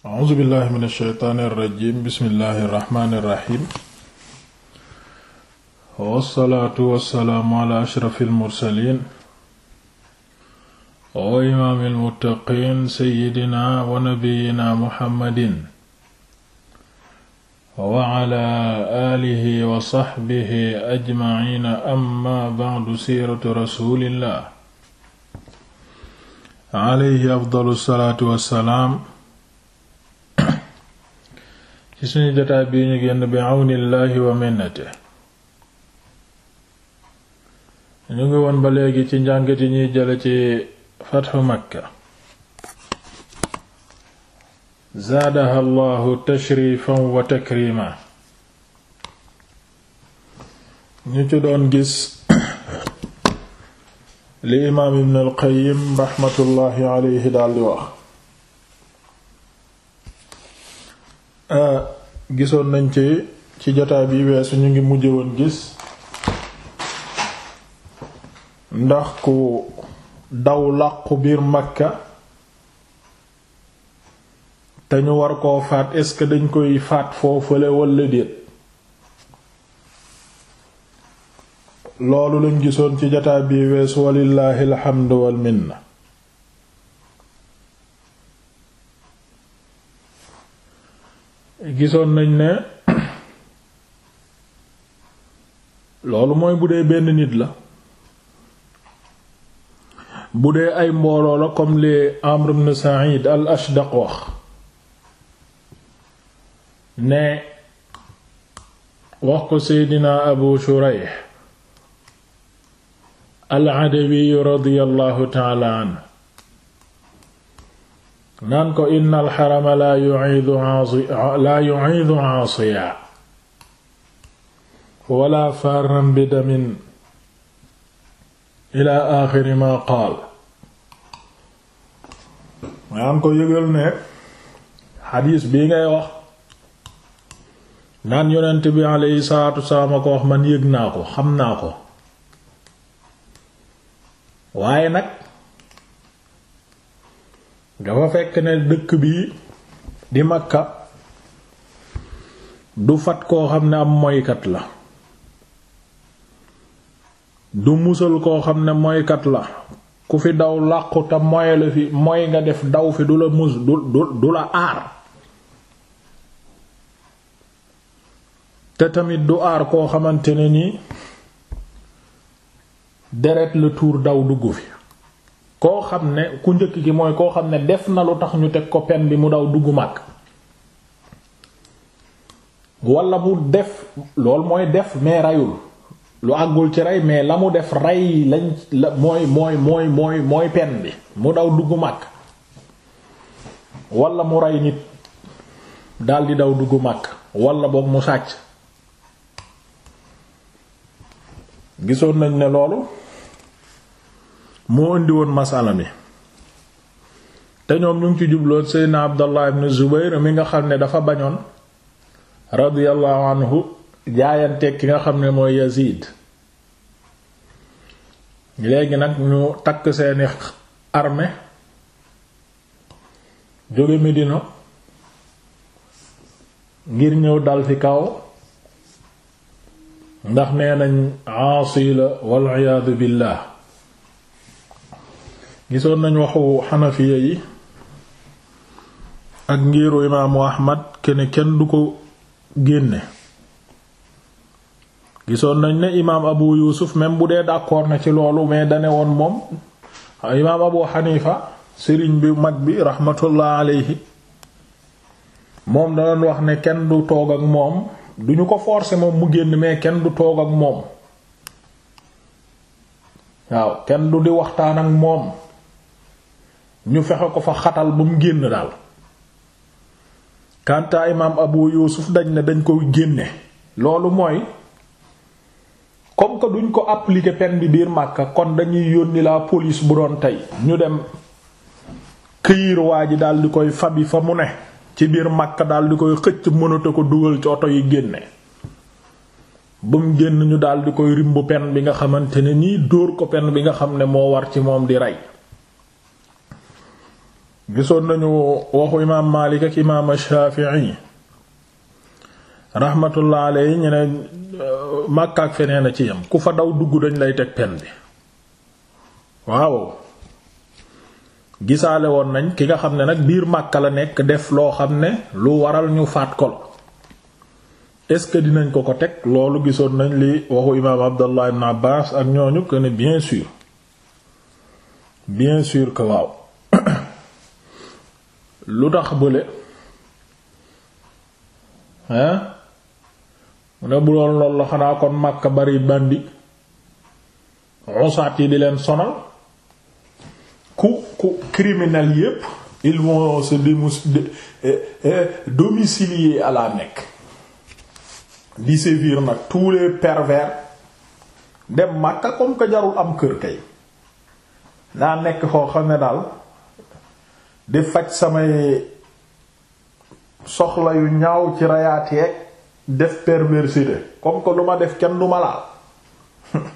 a'uuzu billahi min ash-shaytaani irrajim bismillahi irrahmaani irrahim wassalaatu wassalaamu ala ashraf almursalin wa imaam almuttaqiin seyidina wa nabiyina muhammadin wa ala alihi wa saxbihi ajmaciina amma bacdu siiratu rasulillah alayhi afdalu salaatu wassalaam ci suñu jotaay bii ñu génn bi àwnillaahi wa minnate ñu ngi woon ba léegi ci njàngat yi ñuy jële ci fatxu makka zaadaha allahu tashrifan wa takrima ñu ci doon gis li imaam ibn al qayyim raxmatullaahi aleyhi daldi wax Ah, gisoon nañ ci ci jotaay bi weesu ñu ngi mujje woon gis ndax ku daw làqu biir Makka te ñu war koo faat est dañ koy faat foofale walla déet loolu lañ gisoon ci jotaay bi weesu walillahi alhamdu wal minna gisoon nañ ne loolu mooy bu dee benn nit la bu dee ay mbooloo la comme li Amr ibn Sa'id al-Ashdaq wax ne wax ko Seydina Abu Shurayh al-Adawi radiyallahu ta'ala anhu naan ko innal xarama laa yu'idu laa yu'idu aasiya wala faran bi damin ila axiri ma qaal naan ko yëgal ne xadiis bii ngay wax naan yonent bi alayhi salaatu salaam ko wax man yëg naa ko xam naa ko waaye nag dafa fekk ne dëkk bi di Makka du fat koo xam ne am moykat la du musal koo xam ne moykat la ku fi daw làqu te fi moy nga def daw fi du la mus du du la aar te tamit du aar koo xamante ne ni deret la tuur daw dugg fi koo xam ne ku njëkk ki mooy koo xam ne def na lu tax ñu teg ko pen bi mu daw dugg màkk wala mu def lool mooy def mais rayul lu àggul ci rey mais la mu def rey lañ mooy mooy mooy mooy mooy pen bi mu daw duggu mag wala mu rey nit daldi daw duggu màkk walla boog mu sàcc gisoon nañ ne loolu moo indi woon masala mi te ñoom ñu ngi ci jubloon seydna abdallah ibn zubayr mi nga xam ne dafa bañoon radiyallahu anhu jaayante ki nga xam ne mooy yazid léegi nag ñu takk seeni armée jóge Medina ngir ñëw dal fi kaw ndax nee nañ aasi la wal billah gisoon nañu waxu xanafiya yi ak ngiiru imaamu ahmad kenn du ko génne gisoon nañ ne imaam abu yuusuf même bu dee d'accord na ci loolu mais dane woon moom ah, imaam abu xanifa sëriñ bi mag bi rahmatullah alayhi moom da wax ne kenn du toog ak moom duñu ko forcer moom mu génn mais kenn du toog ak moom waaw kenn du di waxtaan ak moom ñu fexe ko fa xatal ba mu génn daal kanta imaam abu yuusuf dañ ne dañ koy génne loolu mooy comme que duñ ko appliquer peine bi biir Makka kon dañuy yónni la police bu doon tey ñu dem këyir waa ji daal koy fabi fa mu ne ci biir màkka daal di koy xëcc mënata ko dugal ci oto yi génne ba mu génn ñu daal di koy rimbu peine bi nga xamante ne nii dóor ko peine bi nga xam ne moo war ci moom di rey gisoon nañu waxu imaam Maalik ak imaam Shaafi'i rahmatullah alayhi ñu ne uh, Makka feneen a ci yam ku fa daw dugg dañ lay teg pen bi waaw gisaale woon nañ ki nga xam ne nag biir màkka la nekk def loo xam ne lu waral ñu faat ko la ce que dinañ ko ko teg loolu gisoon nañ li waxu imaam Abdallah ibn Abbas ak ñooñu que ne bien sûr bien sûr que waaw. lu tax bële hein mu ne bu lool la xanaa kon Makka bari bandi rosaat yi di leen sonal ku ku criminel yépp ils vont se eh, eh, domicilier à la nekk di sévir nag tous les pervers dem Makka comme que jarul am kër kay naa nekk foo xam ne daal di faj samay soxla yu ñaaw ci rayaateeg def perversité comme que lu ma def kenn lu ma laal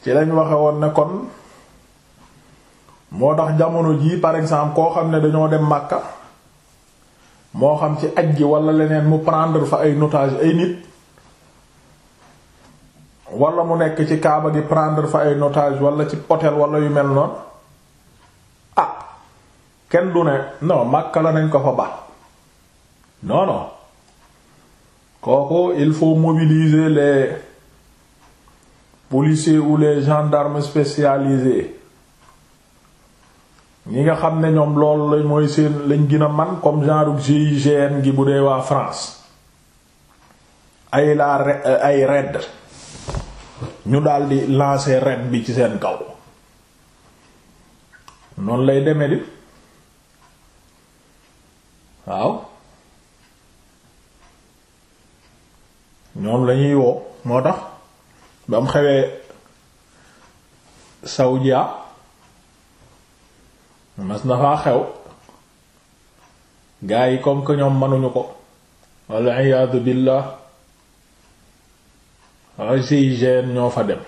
ci lañ waxe ne kon moo tax jamono jii par exemple koo xam ne dañoo dem màkka moo xam ci aj gi walla leneen mu prendre fa ay notage ay nit wala mu nekk ci Kaaba gi prendre fa ay notage wala ci hôtel walla yu mel noon kenn du ne non Makka la nañ ko fa ba non non kooku il faut mobiliser les policiers wu les gendarmes spécialisés ñi nga xam ne ñoom loolu lañ mooy seen lañ gën a man comme genre GIGN gi bu dee waa France ay la ay raid ñu daldi lancer raid bi ci seen kaw noonu lay deme di waaw ñoom lañuy woo moo tax ba mu xewee Saudia mas na faa xew gaa yi comme que ñoom mënuñu ko walla iyaatu billaah GIGN ñoo fa dem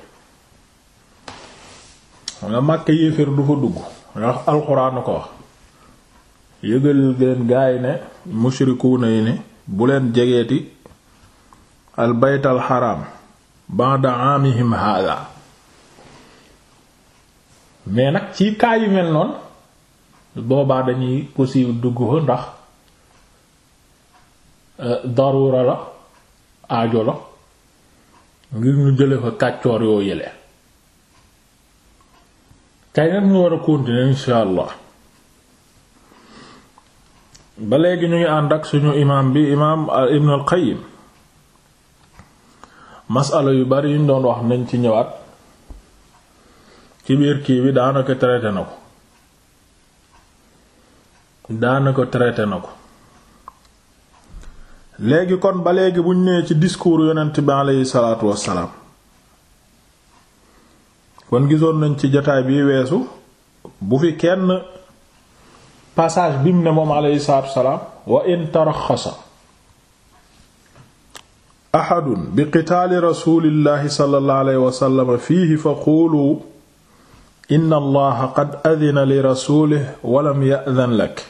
nga Makka yéeféer du fa dugg ndax alxuraan ko wax yëgal leen gaay ne mushrikuuna yi ne bu leen jegeeti al bayt al xaram ba'da amihim mais nag ci kaa yu mel noonu boobaa dañuy possible dugg fa ndax euh, darura la aajo la ngir ñu jële fa kàccoor yoo yële kay nag ñu war a continuer insha allah ba léegi ñu ngi ànd ak suñu imaam bi imaam euh, Ibn al-Qayyim masala yu bari yuñ doon wax nañ ci ñëwaat ci biir kii bi daanaka traité na ko daanaka traité na ko léegi kon ba léegi buñ nee ci discours yonent bi aleyhi salaatu wassalaam kon gisoon nañ ci jataay bi weesu bu fi kenn passage bi mu ne moom alayhi salaatu wassalaam wa in taraxasa ahadun bi qitaali rasulillahi sallallahu alayhi fa quulu inna allaha qad adina li rasulihi wa lam ya'dan lak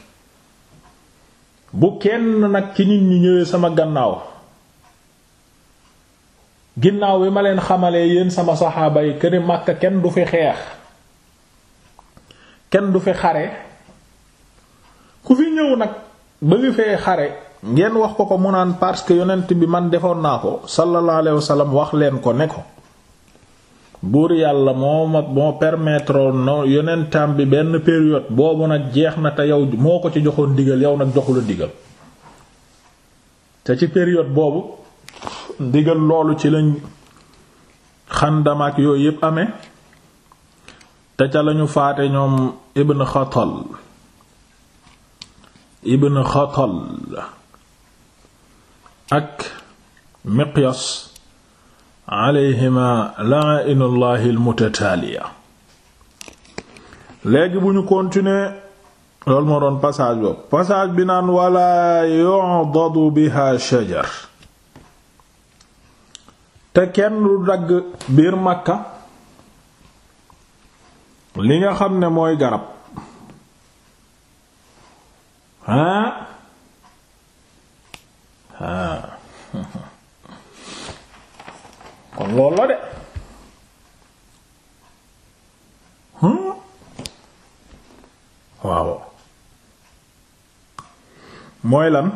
bu kenn nag ci nit ñi ñëwee sama gannaaw ginnaaw bi ma leen xamalee yéen sama saxaaba yi këni Makka kenn du fi xeex kenn du fi xare ku fi ñëw nag bëgg fee xare ngeen wax ko ko mu naan parce que yonent bi man defoon naa ko sallallahu alayhi wasallam wax leen ko ne ko buur yàlla moo ma moo permettre no yonentam bi benn période boobu nag jeex na te yow moo ko ci joxoon digal yow nag joxula digal te ci période boobu digal loolu ci lañ xandam ak yooyu yépp ame te ca lañu faate ñoom ibn xatal ibn Xatal ak Miqyas alayhima la'inullah al-mutataaliya léegi bu ñu continuer loolu moo doon passage boobu passage bi naan wala yu'dadu biha shajar te kenn du dagg biir Makka li nga xam ne mooy garab ah ah kon loolu la de hmm? mooy lan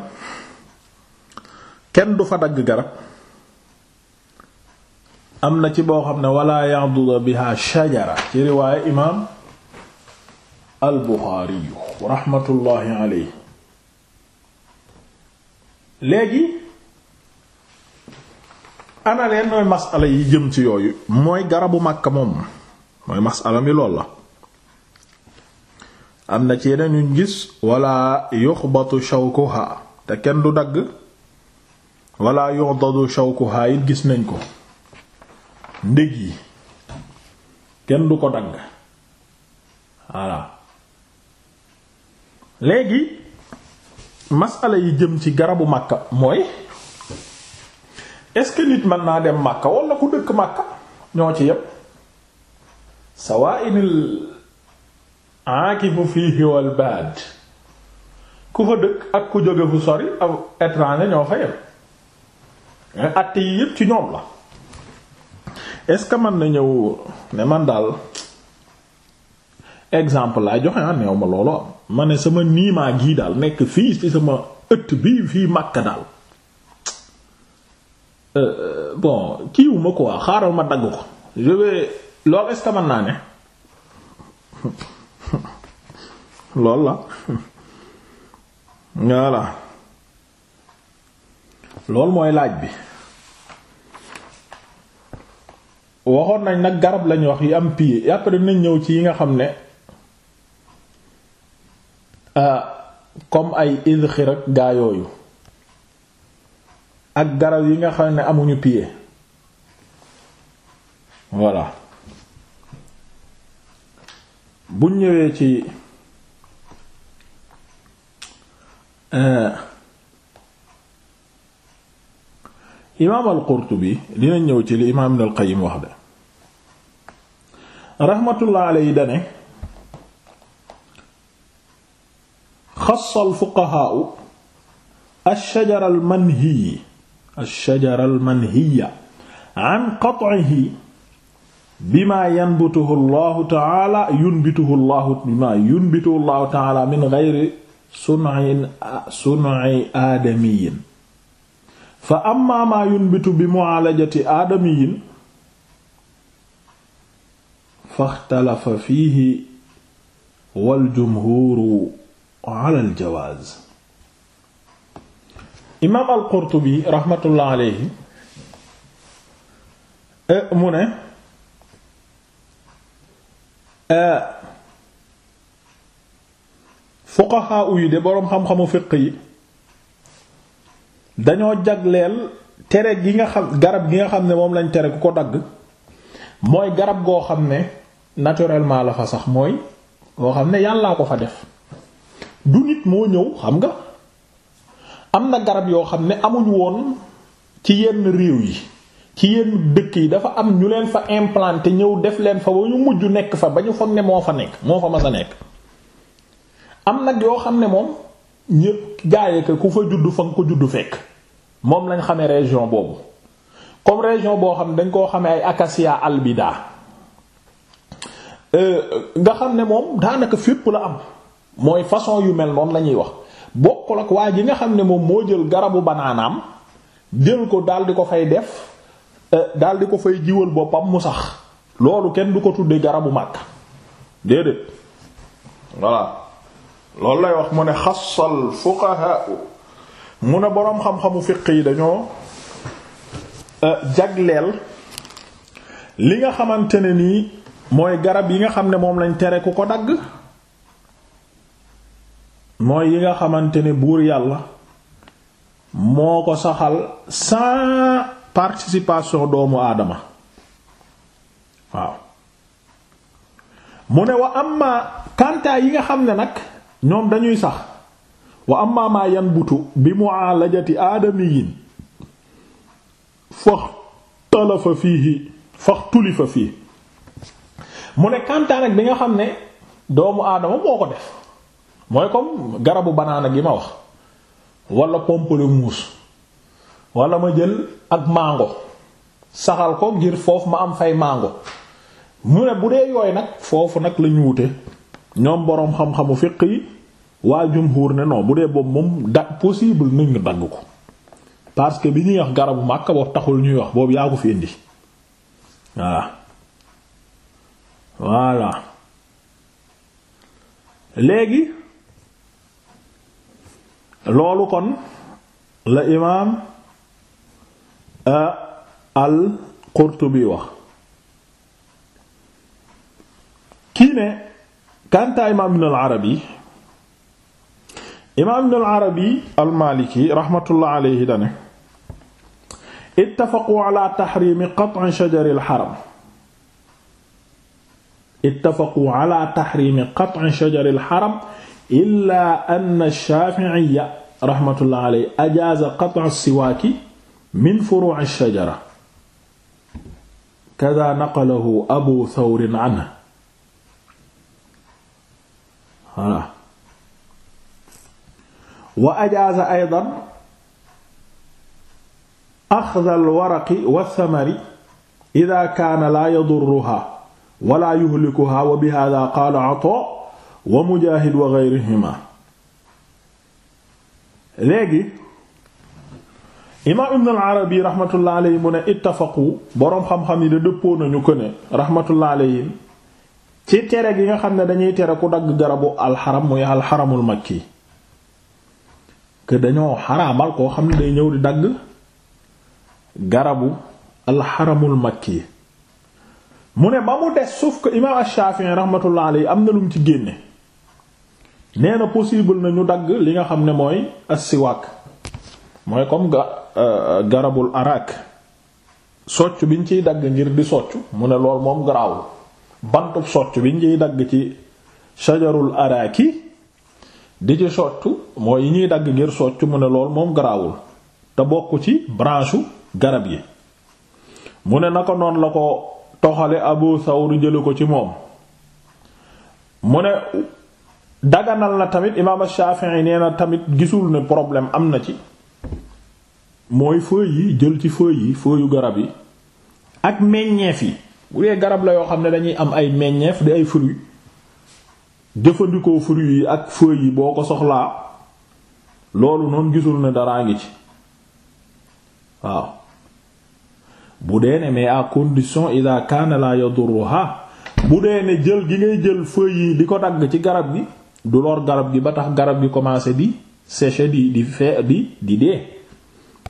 kenn du fa dagg garab am na ci boo xam ne wala ya'dudu biha shajara ci riwaaya imaam al Buxaari rahmatullahi léegi ana leen mooy masala yi jëm ci yooyu mooy garabu Makka moom mooy masala mi lool la am na ci yeneen yuñ gis wala yuxbatu shawkuha te kenn du dagg wala yuxdadu shawkuha it gis nañ ko ndég yi kenn du ko dagg voilà léegi masala yi jëm ci garabu Makka mooy est-ce que nit man naa dem Makka wala ku dëkk Makka ñoo ci yépp sawaa'inil aakifu fiihi wal baad ku fa dëkk ak ku jóge fu sori aw étranger ñoo fa yëpp mais eh, yi yépp ci ñoom la est-ce que mën na ñëw ne man daal exemple laa joxe ah ma loolu am ma ne sama niimaa gii daal nekk fii ci sama ëtt bi fii Makka daal euh, bon kiiwu ma quoi xaaral ma dagg ko je vais loolu naa ne loolu la voilà loolu mooy laaj bi waxoon nañ nag garab lañ wax yi am pied après nañ ñëw ci yi nga xam ne Euh, comme ay idxir ak gaa yooyu ak garab yi nga xam ne amuñu pied voilà bu ñëwee ci euh, imaam al-Qurtubi dina ñëw ci li imaam Ibn wax de raxmatullah alayhi dane xassa alfuqahaau alshajara almanhiyi alshajara almanhiya an qat'ihi bima yanbituhu llahu taala yunbituhu llahu bima yunbituhu llahu taala min geyri sun'in sun'i aadamiyin fa amma maa yunbitu bi mu'aalajati aadamiyin faxtalafa fiihi wal jumhuuru alal jawaaz imaam al-Qurtubi raxmatullah alayhi eh, mu ne eh, fuqahaa yi de boroom xam-xamu fiq yi dañoo jagleel tere gi nga xam garab gi nga xam ne moom lañ tere ku ko dagg mooy garab goo xam ne naturelement la fa sax mooy goo xam ne yàllaa ko fa def du nit moo ñëw xam nga am na garab yoo xam ne amuñ woon ci yenn réew yi ci yenn dëkk yi dafa am ñu leen fa implanté ñëw def leen fa ba ñu mujj nekk fa ba ñu foog ne moo fa nekk moo fa mas a nekk am nag yoo xam ne moom ñépp gaaye ko ku fa juddu fa nga ko juddu fekk moom lañ xamee région boobu comme région boo xam ne dañ koo xamee ay acacia albida euh, nga xam ne moom daanaka fépp la am mooy façon yu mel noonu la ñuy wax bokkul ak waa ji nga xam ne moom moo jël garabu banaanam jël ko daal ko fay def euh, daldi ko fay jiwal boppam mu sax loolu kenn du ko tuddee garabu màkk déedéet voilà loolu lay wax mu ne xasal fuqaha mu ne boroom xam-xamu fiq yi dañoo euh, jagleel li nga xamante ne nii mooy garab yi nga xam ne moom lañ tere ku ko dagg mooy yi nga xamante ne buur yàlla moo ko saxal sans participation doomu aadama waaw mu ne wa amma kantaa yi nga xam ne nag ñoom dañuy sax wa amma maa yan butu bi mu'alajati aadamiyin faxtalafa fiihi faxtulifa fii mu ne kantaa nag bi nga xam ne doomu aadama moo ko def mooy comme garabu banaana gi ma wax walla wala pamplemousse walla ma jël ak màngo saxal ko ngir foofu ma am fay màngo mu ne bu dee yooy nag foofu nag la ñu wute ñoom boroom xam-xamu fiq yi waa jumhur ne non bu dee boobu moom da possible nañ nga dagg ko parce que bi ñuy wax garabu màkk boobu taxul ñuy wax boobu yaa ko fi indi voilà voilà léegi. loolu kon la imaam euh, al Qurtubi wax kii ne ibn al Arabi imaam ibn al Arabi al Maliki raxmatullah alayhi dane ittafaqu ala al xaram ittafaqu ala al xaram illaa anna shaafi'iyya raxmatullahi alayhi ajaaza qat'a siwaaki min furuu' ash-shajara kadaa naqalahu abu thawrin anhu voilà wa ajaaza aydan axda alwaraqi walsamari ida kaana laa yadurruha wala yuhlikuha wa bi hada qaala ataa wa mujaahid wa ghayrihima léegi imaam ibn al-arabi rahmatullah alayhi mu ne ittafaqu boroom xam-xam yi da dëppoo nañu ko ne rahmatullah alayhi ci tere gi nga xam ne dañuy tere ku dagg garabu alxaram muy alxaramul ki que dañoo xaraamal koo xam ne day ñëw di dagg garabu alxaramul makki mu ne ba mu des sauf que imaam ash-shafi'i rahmatullah alayhi am na lu mu ci génne nee na possible na ñu dagg li nga xam ne mooy assiwaak mooy comme ga euh, garabul arak socc biñ ciy dagg ngir di socc mu ne lool moom garaawul bantub socc biñ ciy dagg ci shajarul araki di ci socc mooy yi ñuy dagg ngir socc mu ne lool moom garaawul te bokk ci branche garab yi mu ne naka noonu la ko toxale abu thawr jële ko ci moom mu ne daganal na tamit imaam yi nee na tamit gisul ne problème am na ci mooy feuilles yi jël ci feuilles yi feuilles yu garab yi ak meññeef yi bu dee garab la yoo xam ne dañuy am ay meññeef di ay fruits jëfandikoo fruits yi ak feuilles yi boo ko soxlaa loolu noonu gisul ne daraa ngi ci waaw bu dee ne mais à condition ida kaana la yadurruha bu dee ne jël gi ngay jël feuilles yi di ko dagg ci garab gi du lool garab gi ba tax garab gi commencé di séché di di fee bi di dee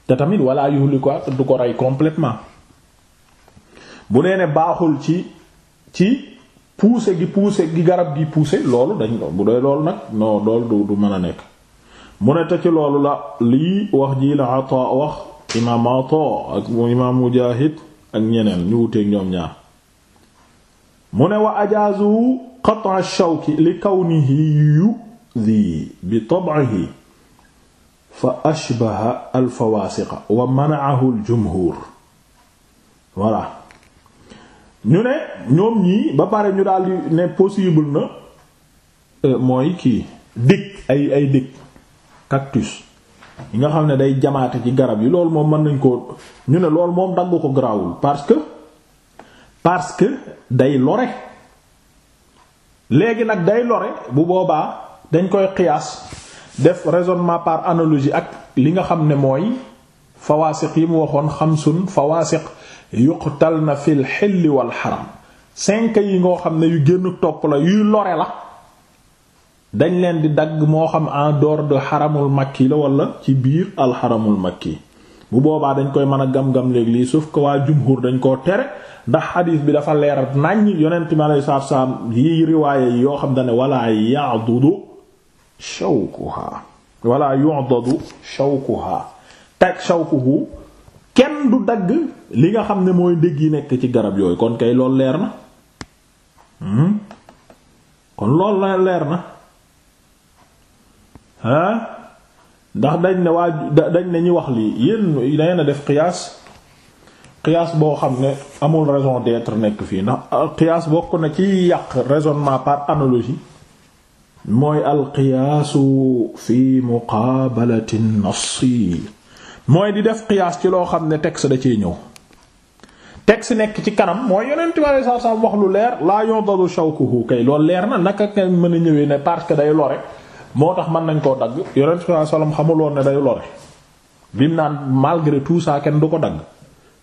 te tamit walla yuxli ko du ko rey complètement bu nee ne baaxul ci ci pousser gi pousser gi garab gi pousser loolu dañ ko bu dee lool nag non loolu du mën a nekk mu ne te ci loolu la lii wax ji la Ata wax imaam Ata ak imaam Mujaahid ak ñeneen ñu wuteeg ñoom ñaar mu ne wa ajaazu qat'a ash-shawki li kawnihi yu'dhi bi tab'ihi fa ashbaha al-fawaasiqa wa mana'ahu al-jumhuur ñu ne ñoom ñii ba pare ñu daal di ne possible na euh, mooy kii dëkk ay ay dëkk yi nga xam ne day jamaate ci garab yi loolu moom mën nañ koo ñu ne loolu moom dagg ko garaawul parce que parce que day lore léegi nag day lore bu boobaa dañ koy qiyaas def raisonnement par analogie ak li nga xam ne mooy fawaasiq yi mu waxoon xam xamsun fawaasiq yuqtalna fil xilli wal xaram cinq yi ngoo xam ne yu génn topp la yuy lore la dañ leen di dagg moo xam en dehors de xaramul makki la wala ci biir alxaramul mag makki bu boobaa dañ koy mën a gam-gam léegi lii sauf que waa jumhur dañ koo tere ndax xadiis bi dafa leer naññ yonent mi alayhi salaatu yi riwaaye yi yoo xam ne wala ya'dudu shawkuha wala yu'dadu shawkuha tak shawkuhu kenn du dagg li nga xam ne mooy ndég yi nekk ci garab yooyu kon kay lool leer na hmm kon loolu la leer na ndax dañ ne waa dañ ne ñi wax lii yéen da ngeen a def qiyaas qiyaas boo xam ne amul raison d'être nekk fii ndax euh, qiyaas bokk na ci yàq raisonnement par analogie mooy al qiyaasu fi muqaabalati nassi mooy di def qiyaas ci loo xam ne texte da cee ñëw texte nekk ci kanam mooy yonent bi sa satu wax lu leer laa yondadu shawkuhu kay loolu leer na naka nga mën a ñëwee ne parce que day lore moo tax mën nañ koo dagg yonent sallallahu alayhi wasallam xamuloon ne day lore lim naan malgré tout ça kenn du ko dagg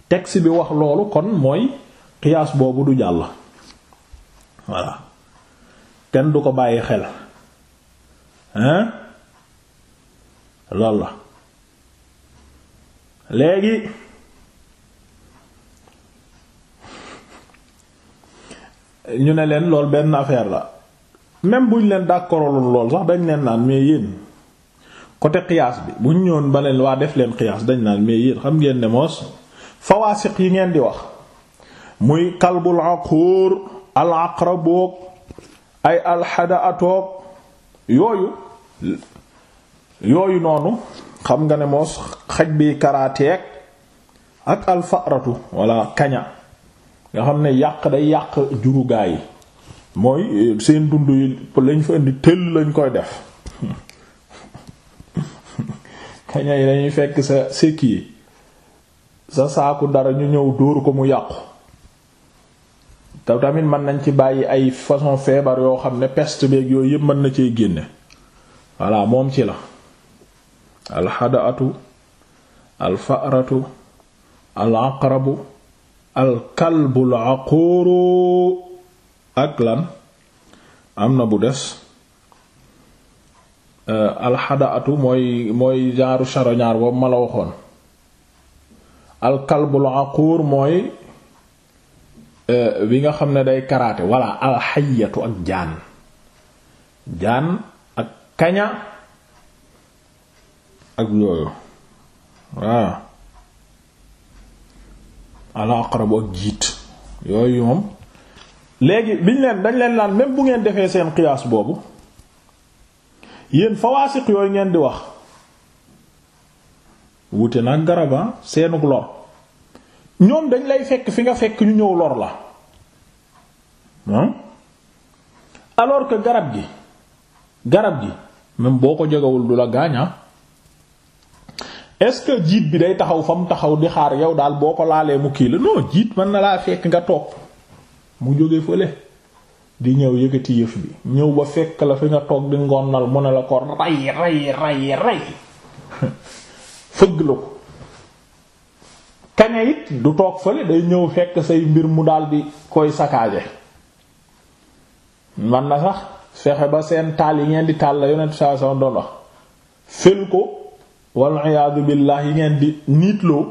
texte bi wax loolu kon mooy qiyaas boobu du jàll voilà kenn du ko bàyyi xel hein loolu la léegi ñu ne leen loolu benn affaire la même buñ leen d'accordul lool sax dañ leen naan mais yéen côté qiyaas bi buñ ñëwoon ba leen waa def leen qiyaas dañ naan mais yéen xam ngeen ne moos fawaasiq yi ngeen di wax muy kalbul aquur al aqraboog ay alxada atoog yooyu yooyu noonu xam nga ne moos xaj bi karaateeg ak alfaratu walla kaña nga xam ne yàq day yàq jurugaay mooy eh, seen dund yi lañ fa indi tëll lañ koy def kaña yi dañuy fekk sa sékk yi sa saaku dara ñu ñëw dóor ko mu yàqu te tamit mën nañ ci bàyyi ay façon feebar yoo xam ne peste beeg yooyu yépp mën na cee génne voilà moom ci la alxadaatu alfaratu alaqrabu alkalbu alaquuru ak lan am na bu des euh, alxadaatu mooy mooy jaaru charognard boobu ma la waxoon alkalbul aquur mooy bi euh, nga xam ne day karaate walla alxayatu ak jaan jaan ak kaña ak yooyu waaw al ak jiit yooyu moom léegi biñ leen dañ leen naan même bu ngeen defee seen qiyaas boobu yéen fawaasiq yooyu ngeen di wax wute nag garaba ah, seenug lor ñoom dañ lay fekk fi nga fekk ñu ñëw lor la hein hmm? alors garab gi garab gi même boo ko jegewul du la gaaña ah. est-ce que jiit bi day taxaw fa mu taxaw di xaar yow daal boo ko laalee mu kii la non jiit mën na laa fekk nga toog mu jóge fële di ñëw yëkkati yëf bi ñëw ba fekk la fi nga toog di ngonnal mu ne la ko ray ray ray fëgg la ko kaña it du toog fële day ñëw fekk say mbir mu dal di koy saccagé man na sax fexe ba seen taal yi ngeen di taal la yonent saa son doon wax fël ko wal iyaadu billaah yi ngeen di niitloo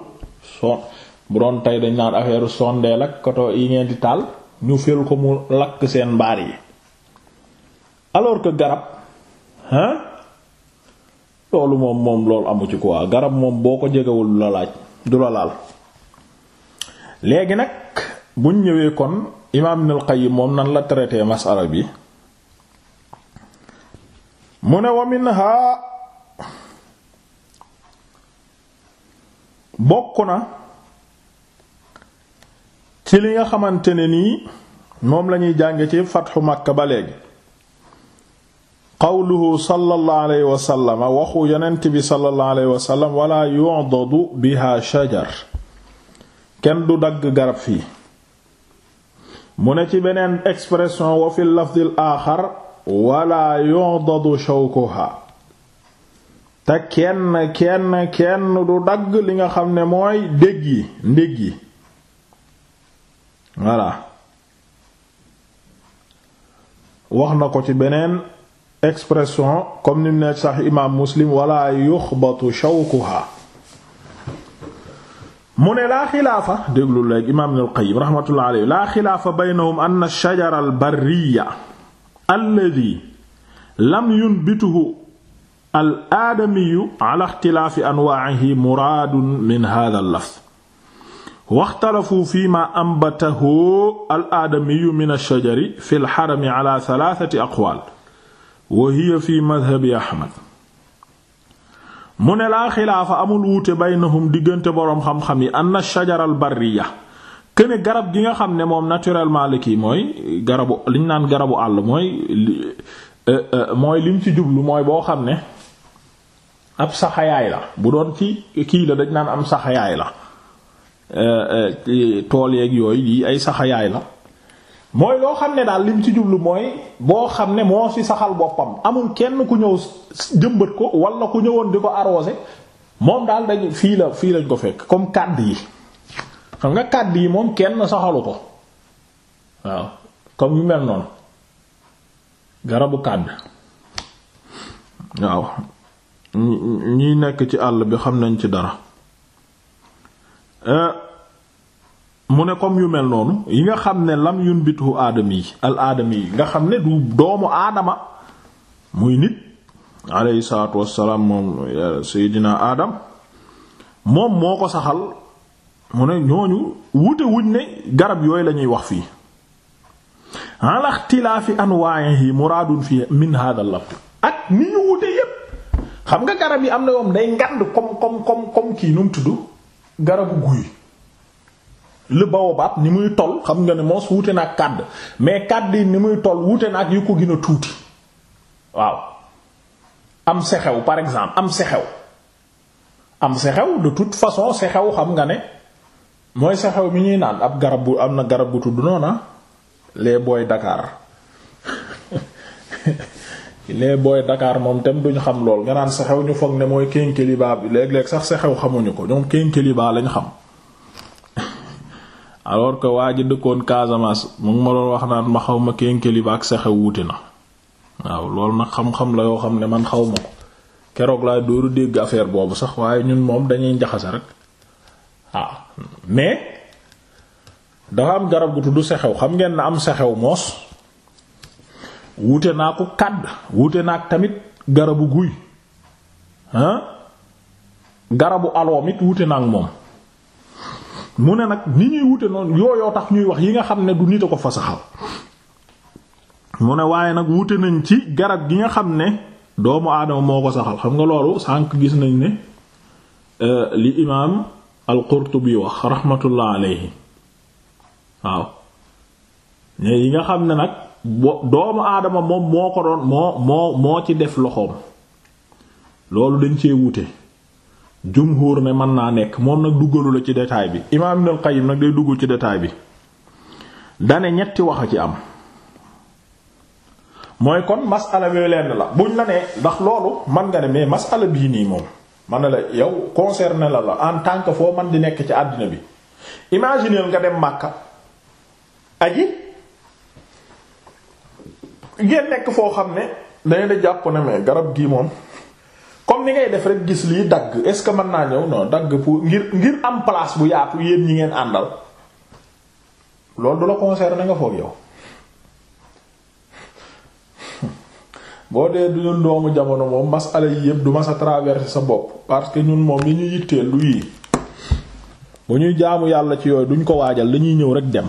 son bu doon tey dañ naan affaire sondeel ak koto yi ngeen di taal ñu fel ko mu lakk seen mbaar yi alors que garab hein loolu moom moom loolu amu ci quoi garab moom boo ko jegewul du la laaj du la laal léegi nag buñ ñëwee kon imaam Ibnul Qayyim moom nan la traité masala bi mu ne wa minha bokk na ci li nga xamante ne nii moom lañuy jàng ci fatxu Makka ba léegi qawluhu sallallahu alayhi wa sallam waxu yonent bi sallallahu alayhi wa sallam wala yu'dadu biha shajar kenn du dagg garab fii mu ne ci beneen expression wa fi lafdi al aaxar wala yu'dadu shawkuha te kenn kenn kenn du dagg li nga xam ne mooy dégg yi yi voilà wax na ko ci beneen expression comme ni mu ne sax imaam muslim wala yuxbatu shawkuha mu ne laa xilaafa déglu léegi imaam ibn al-Qayyim rahmatullah alayhi laa xilaafa baynahum anna ash-shajara al-barriya alladhi lam yunbituhu al-aadamiyu ala ixtilaafi anwaa'ihi muraadun min haadha al-lafz waxtalafu fi ma ambatahu al aadamiyu min alshajari fi lxarami ala talaatati aqwaal wa hiya fi madhabi ahmad mu ne laa xilaafa amul wuute baynahum diggante boroom xam-xam yi anna shajara al barriya këne garab gi nga xam ne moom naturellement la kii mooy garabu liñ naan garabu àll mooy e, e, mooy liñ ci jublu mooy boo xam ne ab saxayaay la bu doon ci kii la dañ naan am saxayaay la Euh, euh, tool yeeg yooyu lii ay saxayaay la mooy loo xam ne daal lim ci jublu mooy boo xam ne moo ci saxal boppam amul kenn ku ñëw jëmbat ko wala ku ñëwoon di ko arrosé moom daal dañu fii la fii lañ ko fekk comme kàdd yi xam nga kàdd yi moom kenn saxalu ko waaw comme yu mel noonu garabu kàdd waaw ñi nekk ci àll bi xam nañ ci dara Euh, mu ne comme yu mel noonu yi nga xam ne lam yun bitu aadam yi al aadam yi nga xam ne du doomu aadama muy nit aleyhi salaatu wassalaam moom aadam moom moo ko saxal mu ne ñooñu wute wuñ ne garab yooyu lañuy wax fii ala ixtilaafi anwaa'ihi muraadun fi min hadha al-lafz ak ni ñu wute yépp xam nga garab yi am na yoom day ngand comme comme comme comme kii nu tudd garabu guy le baobab ni muy toll xam nga ne mos wuute na ak kàdd mais kàdd yi ni muy toll wuute na ak yu ko gën a tuuti waaw am sexew par exemple am sexew am sexew de toute façon sexew xam nga ne mooy sexew mi ñuy naan ab garab bu am na garab bu tudd noona ah, les booy dakaar les booy Dakar moom tam duñ xam lool nga naan sa xew ñu foog ne mooy kénkeliba bi léeg-léeg sax sa xew xamuñu ko ñoom kénkeliba lañ xam alors que waa ji dëkkoon Casamance mu ngi ma doon wax naan ma xaw ma kénkeliba ak sa xew wuute na waaw loolu nag xam-xam la yoo xam ne man xaw ma ko keroog laay dooru dégg affaire boobu sax waaye ñun moom dañuy njaxase rek waaw ah, mais dafa am garab gu tudd sa xew xam ngeen na am sa xew moos. wute naa ko kàdd wute naa tamit garabu guy garabu aloom it wute naa ak moom mu ne nag ni ñuy wute noonu yooyoo tax ñuy wax yi nga xam ne du nit a ko fasaxal mu ne waaye nag wute nañ ci garab gi nga xam ne doomu aadama moo ko saxal xam nga loolu sànq gis nañ ne euh, li imaam al-Qurtubi wax rahmatullah alayhi waaw ne yi nga xam ne nag bo doomu aadama moom moo ko doon moo moo moo ci def loxoom loolu dañ cee wute jumhur ne mën naa nekk moom nag duggalu la ci détail bi imaam Ibnul Qayyim nag day dugg ci détail bi dane ñetti wax a ci am mooy kon masala bi la buñ ndax loolu man nga ne mais masala bii nii moom man na la yow concerné la la en tant que foo man di nekk ci àddina bi nga dem Makka aji ngeen nekk foo xam ne dañu la jàpp na mais garab gii moom comme ni ngay def rek gis lii dagg est ce que mën naa ñëw non dagg pour ngir ngir am place bu yaatu yéen ñi ngeen àndal loolu du la concerner nga foog yow. boo dee du ñun doomu jamono moom masala yi yëpp du mas a traverser sa bopp parce que ñun moom li ñu yitteel lu yii bu ñuy jaamu yàlla ci yooyu duñ ko waajal dañuy ñëw rek dem.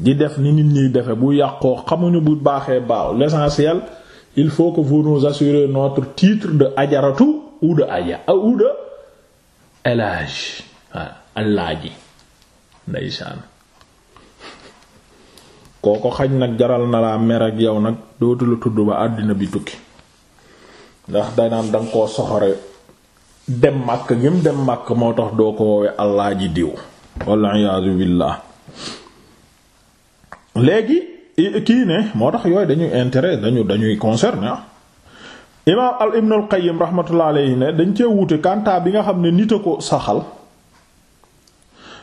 di def ni nit ñuy defe bu yàqoo xamuñu bu baaxee baaw l'essentiel il faut que vous nous assurez notre titre de ajaratu ou de aja ah, ou de elage waa allaaji ah, ndeysaan kooko xaj nag jaral na laa mer ak yow nag dootu la tudd ba àddina bi tukki ndax danaan danga koo soxore dem màkk gim dem màkk moo tax doo ko woowee allaaji diw walla iyaazu billaah léegi kii ne moo tax yooyu dañuy intérêt dañu dañuy concerné ah imaam al ibn al qayyim rahmatullah ne dañ cee wuute kantaa bi nga xam ne nit a ko saxal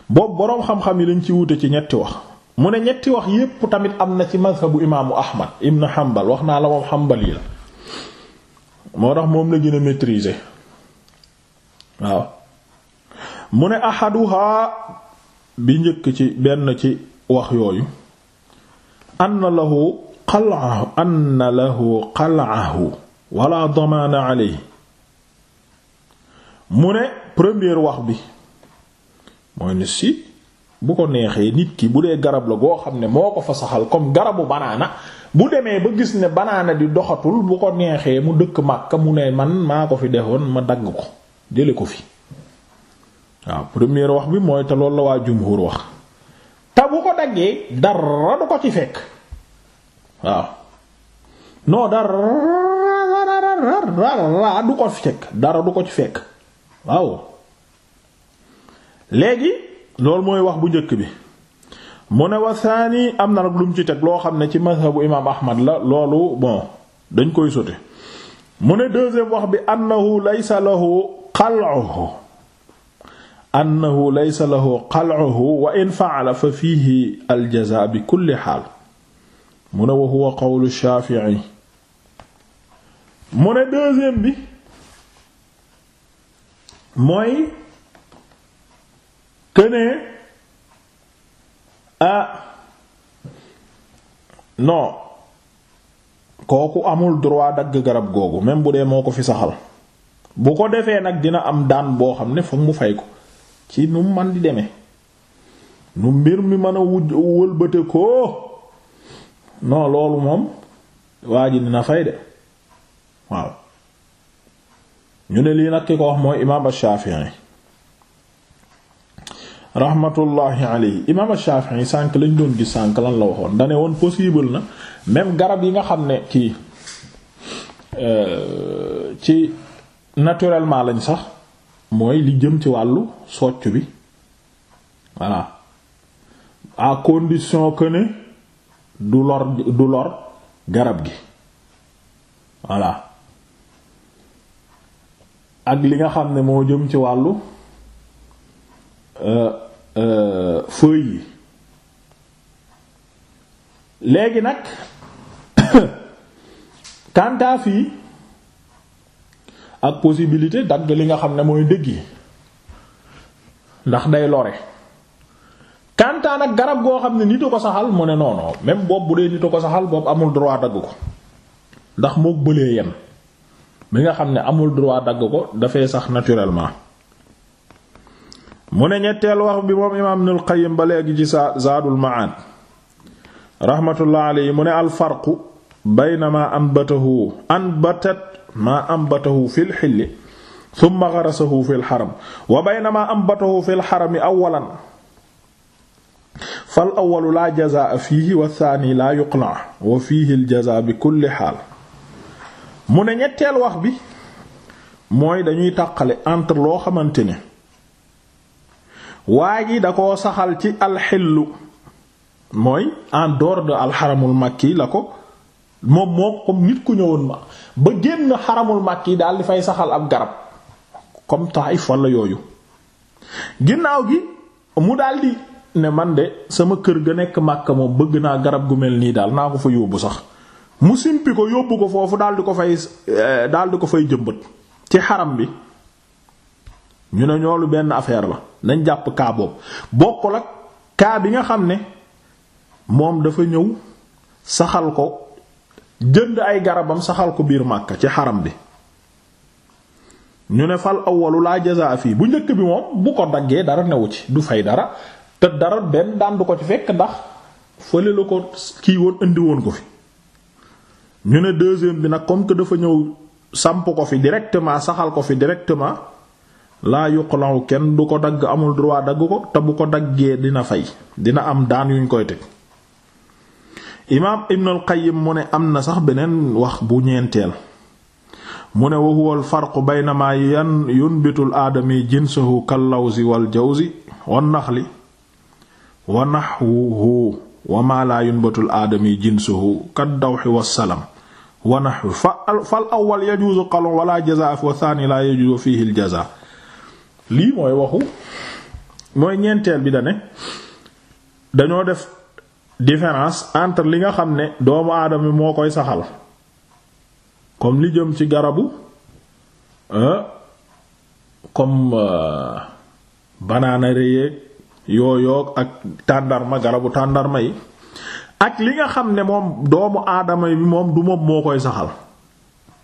boobu boroom xam-xam yi dañ ci wuute ci ñetti wax mu ne ñetti wax yépp tamit am na ci mazhabu imaamu ahmad ibn hanbal wax naa la moom hanbal yi la moo tax moom la gën a maîtriser waaw mu ne ahaduha bi njëkk ci benn ci wax yooyu anna lahu qal'ahu anna lahu qal'ahu wala damaana alayhi mu ne première wax bi mooy ni si bu ko neexee nit ki bu dee garab la goo xam ne moo ko fa saxal comme garabu banaana bu demee ba gis ne banaana di doxatul bu ko neexee mu dëkk Makka mu ne man maa ko fi defoon ma dagg ko jële ko fi waaw première wax bi mooy te loolu la waa jumhur wax dagge dara du ko ci fekk waaw non dara du ko ci fekk dara du ko ci fekk waaw léegi loolu mooy wax bu njëkk bi mu ne wasaani am na nag lu mu ci teg loo xam ne ci mazhabu imaam Ahmad la loolu bon dañ koy sote mu ne deuxième wax bi annahu laysa lahu qal'uhu annahu laysa lahu qal'uhu wa in fa'ala fa fiihi aljazaa bi kulli xaal mu ne wa qawlu Shaafi'i mu ne deuxième bi mooy kënee ah non kooku amul droit dagg garab googu même bu dee moo ko fi saxal bu ko defee nag dina am daan boo xam ne fokk mu fay ko ci nu man di demee nu mbir mi mën a wujj wëlbate koo non loolu moom waa ji dina fay de waaw ñu ne lii nag ki ko wax mooy imaam Shaafi'i rahmatullahi alayhi imaam Shaafi'i sànq lañ doon gis sànq lan la waxoon dane woon possible na même garab yi nga xam ne kii euh, ci naturellement lañ sax mooy li jëm ci wàllu socc bi voilà à condition que ne du lor du lor garab gi voilà ak li nga xam ne moo jëm ci wàllu euh, euh yi léegi nag kantaa ak possibilité dagg li nga xam ne mooy dëgg yi ndax day lore kantaan ak garab goo xam ne nit ko saxal mu ne non non même boobu bu dee nit ko saxal boobu amul droit dagg ko ndax moo bëlee yem bi nga xam ne amul droit dagg ko dafay sax naturellement mu ne ñetteel wax bi moom imaam Ibnul Qayyim ba léegi ci Zaadul Ma'aad rahmatullah alayhi mu ne alfarqu baynama anbatahu anbatat maa ambatahu fil xilli thumma gharasahu fil xaram wa baynama ambatahu fil xarami awwalan fal awwalu laa jazaa fiihi wa thani laa yuqla wa fiihi al jazaa bi kulli xaal mu ne ñetteel wax bi mooy dañuy tàqale entre loo xamante ne waa ji da koo saxal ci alxillu mooy en dehors de alxaramul makki la ko moom moo comme nit ku ñëwoon ma ba génn xaramul màkk yi daal di fay saxal ab garab comme Taayif wala yooyu ginnaaw gi mu daldi ne man de sama kër ga nekk màkk moom bëgg naa garab gu mel nii daal naa ko fa yóbbu sax mu simpi ko yóbbu ko foofu daal di ko fay eh, daal di ko fay jëmbat ci xaram bi ñu ne ñoolu benn affaire la nañ jàpp kaa boobu bokkul ak bi nga xam ne moom dafa ñëw saxal ko. jënd ay garabam saxal ko biir Makka ci xaram bi ñu ne fal awwalu laa jazaa fii bu njëkk bi moom bu ko daggee dara newu ci du fay dara te dara benn daan du ko ci fekk ndax fële la ko kii woon indi woon ko fi ñu ne deuxième bi nag comme que dafa ñëw samp ko fi directement saxal ko fi directement laa yuqalangu kenn du ko dagg amul droit dagg ko te bu ko daggee dina fay dina am daan yuñ koy teg imaam ibn al mu ne am na sax beneen wax bu ñeenteel mu ne wa huwa al farq bayna ma yan yunbitu al aadami jinsahu kal lawzi wal jawzi wan naxli wa nahwuhu wa ma la yunbatu al jinsuhu kad dawxi was salam wa nahwu fal awwal yajuzu qalon wala jazaa wa thani la yajuzu fihi al jazaa lii mooy waxu mooy ñeenteel bi da ne dañoo def différence entre li nga xam ne doomu aadama moo koy saxal comme li jëm ci garabu comme euh, banaana réyeeg yooyoog ak tàndarma garabu tàndarma yi ak li nga xam ne moom doomu aadama yi moom du moom moo koy saxal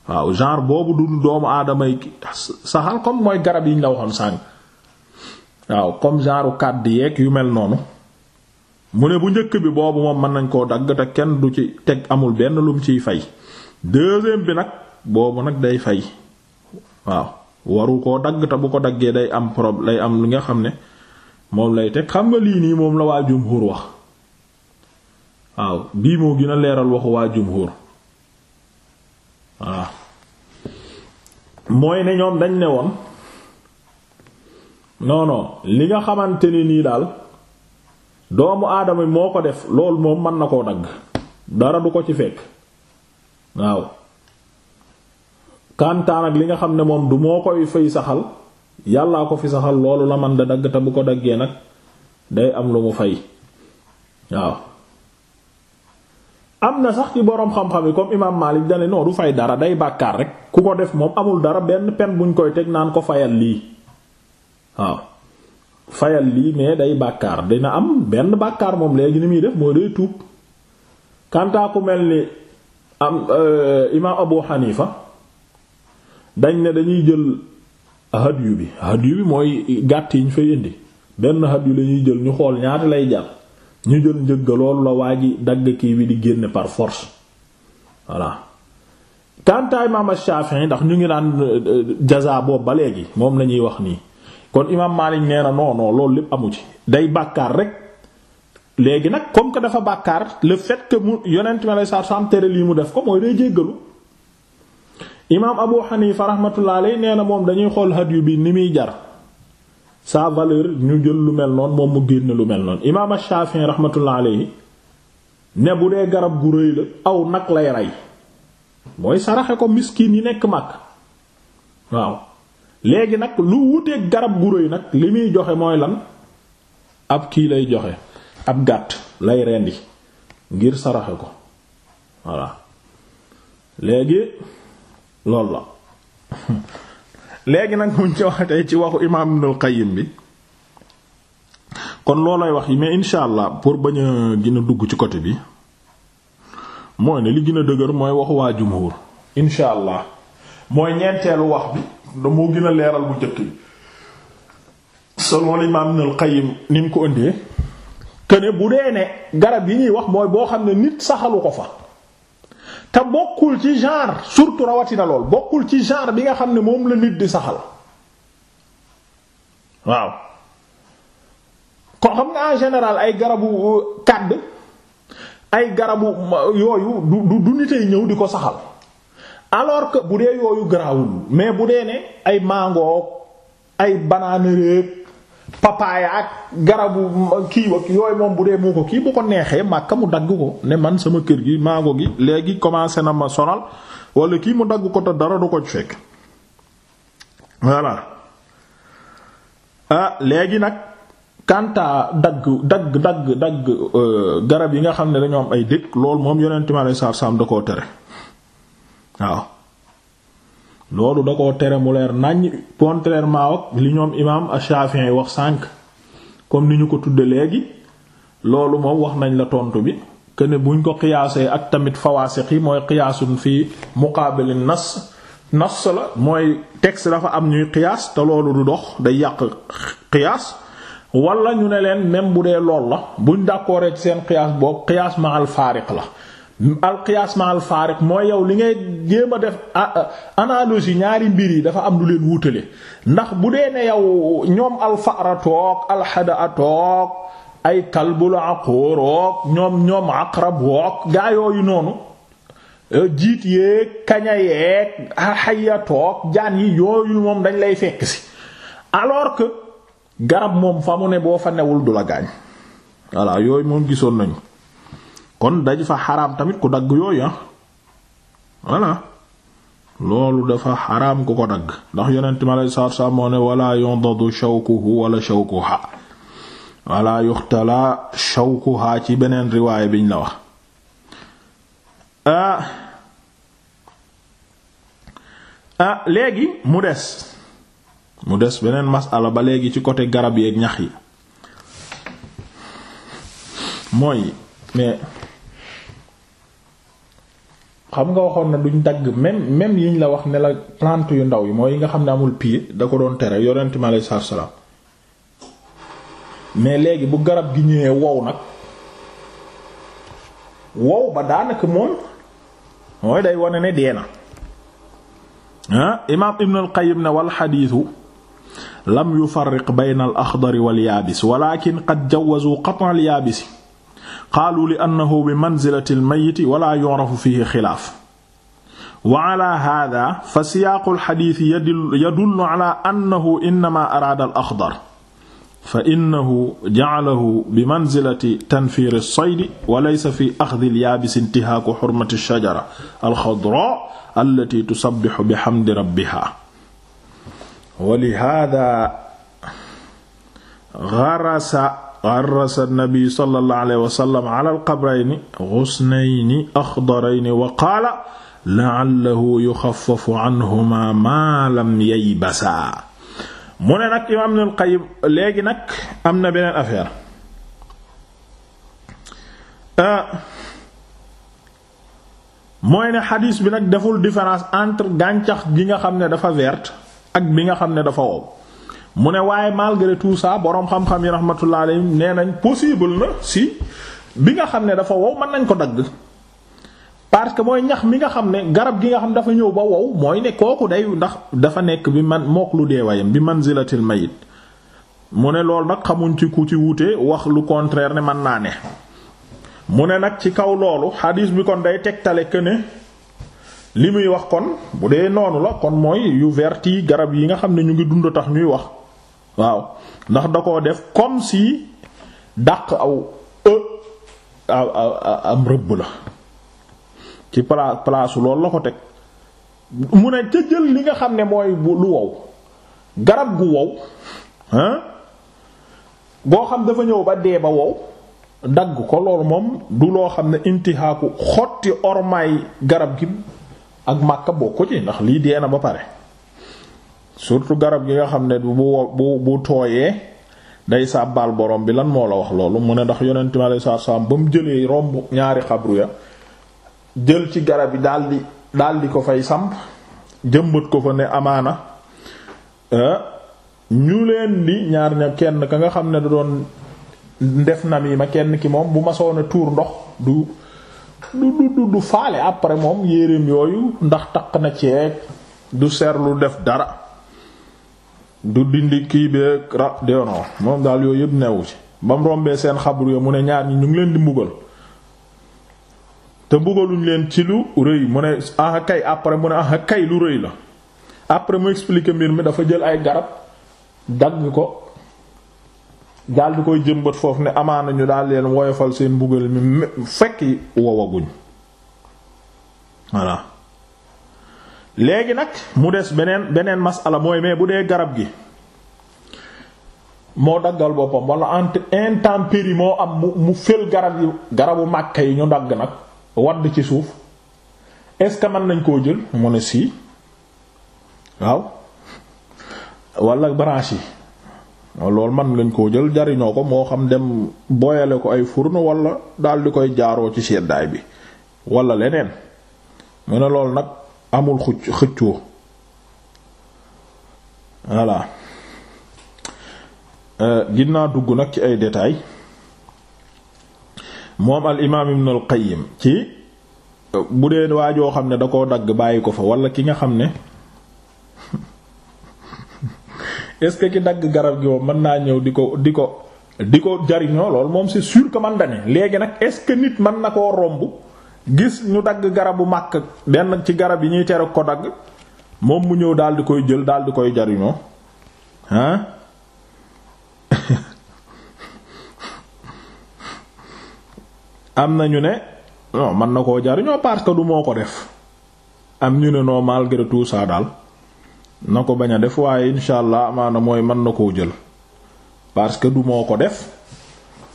waaw genre boobu du doomu aadama yi saxal comme mooy garab yi ñu la waxoon sànq waaw comme genre kàdd yeeg yu mel noonu mu ne bu njëkk bi boobu moom mën nañ koo dagg te kenn du ci teg amul benn lum ciy fay deuxième bi nag boobu nag day fay waaw waru koo dagg te bu ko daggee day am problème lay am li nga xam ne moom lay teg xam nga lii nii moom la waa jumhur wax waaw bii moo gën a leeral waxu waa jumhur waaw mooy ne ñoom dañ ne woon non li nga xamante ne nii daal. doomu aadama moo ko def loolu moom mën na koo dagg dara du ko ci fekk waaw kantaan li nga xam ne moom du moo koy fay saxal yàllaa ko fi saxal loolu la man da dagg te bu ko daggee nag day am lu mu fay waaw am na sax ci boroom xam-xam yi comme imaam Maalik dane non du fay dara day bàkkaar rek ku ko def moom amul dara benn pen buñ koy teg naan ko fayal lii waaw fayal lii mais day bàkkaar dina am benn bàkkaar moom léegi ni muy def moo day tuub kantaa ku mel ni am euh, imaam Abu Hanifa dañ ne dañuy jël hadyu bi hadyu bi mooy gàtt yi ñu fay indi benn hadyu lañuy jël ñu xool ñaata lay jar ñu jël njëgg loolu la waa ji dagg kii bi di génne par force voilà kantaa imaam Shafi'i ndax ñu ngi naan euh, euh, jaza boobu ba léegi moom lañuy wax nii kon imaam Maalik nee na non loolu lépp amu ci day bàkkaar rek léegi nag comme que dafa bàkkaar le fait que mu yonent ma lay saa su lii mu def ko mooy day jéggalu imaam Abu Hanifa rahmatullah alayhi nee na moom dañuy xool hadyu bi ni muy jar sa valeur ñu jël lu mel noon moom mu génn lu mel noonu imaam Shafi'i rahmatullah alayhi ne bu dee garab gu rëy la aw nag lay rey mooy saraxe ko miskin yi nekk mag waaw. léegi nag lu wuteeg garab gu rëy nag li muy joxe mooy lan ab kii lay joxe ab gàtt lay rendi ngir saraxe ko voilà léegi loolu la léegi nag muñ ci wax tey ci waxu imaam Ibnul Qayyim bi kon loolay wax yi mais insha allah pour bañ a gën a dugg ci côté bi mooy ne li gën a dëgër mooy waxu waa jumhur insha allah mooy ñeenteelu wax bi damoo gën a leeral bu njëkk bi selon l'imam Ibn al-Qayyim ni mu ko ëndee këne bu dee ne garab yi ñuy wax mooy boo xam ne nit saxalu ko fa te bokkul ci genre surtout rawatina lool bokkul ci genre bi nga xam ne moom la nit di saxal waaw kon xam nga en général ay garabu euh, kàdd ay garabu yooyu du du nitay ñëw di ko saxal alors que bu dee yooyu garaawul mais bu dee ne ay mango ay banaana réeg papaaya ak garabu kii wa yooyu moom bu dee moo ko kii bu ko neexee màkka mu dagg ko ne man sama kër gi mango gi léegi commencé na ma sonal wala kii mu dagg ko te dara du ko fekk voilà ah léegi nag kanta dagg dagg dagg dagg euh, garab yi nga xam ne dañoo am ay dëkk lool moom yeneenti mi alayhi salaam da koo tere waaw loolu da ko tere mu leer naññ contrairement ak li ñoom imaam Shafi'i wax sànq comme ni ñu ko tudde léegi loolu moom wax nañ la tontu bi que ne buñ ko qiyaasee ak tamit fawaasiq yi mooy qiyaasun fii muqaabili nas nas la mooy teg si dafa am ñuy qiyaas te loolu du dox day yàq qiyaas wala ñu ne leen même bu dee lool la buñ d'accord ci seen qiyaas boobu qiyaas ma al la. alqiyaas ma alfaariq mooy yow li ngay jéem a def analogie ñaari mbir yi dafa am lu leen wutale ndax bu dee ne yow ñoom alfaara toog alxada a toog ay kalbul aqur woog ñoom ñoom aqrab gaa yooyu noonu e, jiit yeeg kaña yeeg xaya toog jaan yi yooyu moom dañ lay fekk si alors que garab moom fa mu ne boo fa newul du la gaañ voilà yooyu moom gisoon nañu kon daj fa xaram tamit ku dagg yooyu ah voilà loolu dafa xaram ku ko dagg ndax yonent mi aleyhi salaatu salaam moo ne wala yondadu shawkuhu wala shawkuha wala yuxtala shawkuha ci beneen riwaay biñ la wax ah. ah léegi mu des mu des beneen masala ba léegi ci côté garab yeeg ñax yi mooy mais xam nga waxoon na duñ dagg même même ñu la wax ne la plante yu ndaw yi mooy yi nga xam ne amul pied da ko doon tere yonent mi alayhi salaatu salaam mais léegi bu garab gi ñëwee wow nag wow ba daanaka moom mooy day wane ne dee na ah imaam Ibn al-Qayyim ne wal xadiisu lam yufarriq bayna al-axdari wal yaabis walaakin qad jawwazuu qat'a yaabisi qaalu li annahu bi manzilati almayiti wala yurafu fihi xilaaf wa ala hada fa siyaaqu alxadiisi yadullu ala annahu innama araada alaxdar fa innahu jacalahu bi manzilati tanfiiri alsaydi wa laysa fi axdi alyaabis intihaaku xurmati alshajara alxadra allati tusabbixu bixamdi rabbiha wa li hada garasa xarasa nabi sallallahu alayhi wa sallam ala alqabrayni xusnayni axdarayni wa qaala la'allahu yuxaffafu anhuma maa lam yaybasa mu ne nag imaam Ibnul Qayyim léegi nag am na beneen affaire euh, mooy ne xadiis bi nag deful différence entre gàncax gi nga xam ne dafa verte ak bi nga xam ne dafa wow mu ne waaye malgré tout ça boroom xam-xam yi rahmatullah alayhim nee nañ possible na si bi nga xam ne dafa wow mën nañ ko dagg parce que mooy ñax mi nga xam ne garab gi nga xam dafa ñëw ba wow mooy ne kooku day ndax dafa nekk bi man mook lu dee wayam bi man manzilatil mayit mu ne loolu nag xamuñ ci ku ci wuute wax lu contraire ne mën naa ne mu ne nag ci kaw loolu xadiis bi kon day tegtale que ne li muy wax kon bu dee noonu la kon mooy yu vert yi garab yi nga xam ne ñu ngi dund tax ñuy wax waaw ndax da koo def comme si dàq aw e am rëbb la ci pala palaasu loolu la ko teg mu ne ca jël li nga xam ne mooy lu wow garab gu wow hein boo xam dafa ñëw ba dee ba wow dagg ko loolu moom du loo xam ne intihaaku xotti ormaay garab gi ak màkka bokku ci ndax lii dee na ba pare surtout garab gi nga xam ne bu bu bu tooyee day sàbbaal borom bi lan moo la wax loolu mu ne ndax yonent mi alayhi salaam ba mu jëlee romb ñaari xabru ya jël ci garab yi daldi di ko fay samp jëmbat ko fa ne amaana eh, ñu leen di ñaar ña kenn ka nga xam ne da doon def na mi ma kenn ki moom bu ma soona tuur ndox du du du du faale après moom yéreem yooyu ndax taq na ceeg du seer lu def dara du dindi kii beeg ra doono moom daal yooyu yëpp newu ci ba mu rombee seen xabru yo mu ne ñaar ñi ñu ngi leen di mbugal te mbugaluñ leen ci lu rëy mu ne ah kay après mu ne ah kay lu rëy la après mu expliquer mbir mi dafa jël ay garab dagg ko daal koy jëmbat foofu ne amaana ñu daal leen woyofal seen mbugal mi fekk wowaguñ voilà léegi nag mu des beneen beneen masala mooy mais bu dee garab gi moo daggal boppam wala ent intempérie moo am mu mu fël garab yi garabu màkka yi ñu dagg nag wadd ci suuf est-ce que mën nañ koo jël mu ne sii waaw wala branche yi loolu man lañ koo jël jariñoo ko moo xam dem boyale ko ay furno wala daal di koy jaaroo ci seddaay bi walla leneen mu ne loolu nag amul xuc xëccoo voilà euh, ginnaa dugg nag ci ay détails moom al imaam ibn qayyim ci euh, bu dee waajoo xam ne da ko dagg bàyyi ko fa wala ki nga xam ne est-ce que ki dagg garab gi moom mën naa ñëw di ko di ko di ko jariñoo loolu moom c'est sûr que man da ne léegi nag est-ce que nit mën na koo romb gis ñu dagg garabu màkk benn ci garab yi ñuy tere ko dagg moom mu ñëw daal di koy jël daal di koy jariñoo ah am na ñu ne non man na koo jariñoo parce que du moo ko def am ñu ne non malgré tout daal na ko bañ a def waaye insha allah amaana mooy mën na koo jël parce que du moo ko def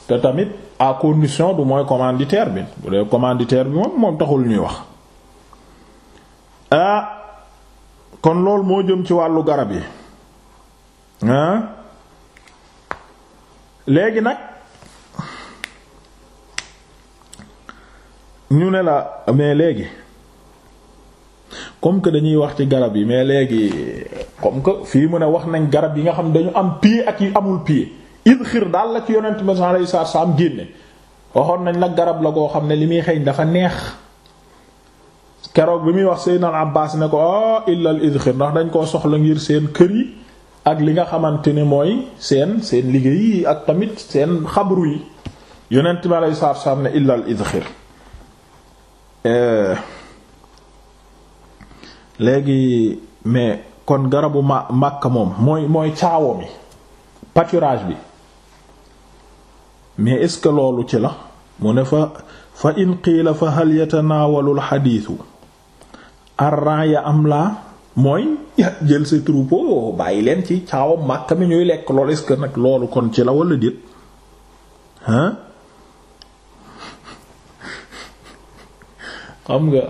te tamit. à condition du mooy commanditaire bi bu dee commanditaire bi moom moom taxul ñuy wax ah kon loolu moo jëm ci wàllu garab yi ah léegi nag ñu ne la mais léegi comme que dañuy wax ci garab yi mais léegi comme que fii mu ne wax nañ garab yi nga xam dañu am pied ak yi amul pied. id daal la ci yonent bi sallallahu alayhi wasallam génne waxoon nañ la garab la goo xam ne li muy xëy dafa neex keroog bi muy wax Seydina Abbas ne ko ah illa al ndax dañ koo soxla ngir seen kër yi ak li nga xamante ni mooy seen seen liggéey yi ak tamit seen xabru yi yonent bi alayhi salaatu salaam ne illa al eh, léegi mais kon garabu ma màkk moom mooy mooy caawo mi pâturage bi mais est-ce que loolu ci la mu ne fa fa in qiila fa hal yatanaawalu alxadiisu arraaya am laa mooy jël sa troupeau bàyyi leen ci caawam màkk mi ñuy lekk loolu est nag loolu kon ci la wala déet hein nga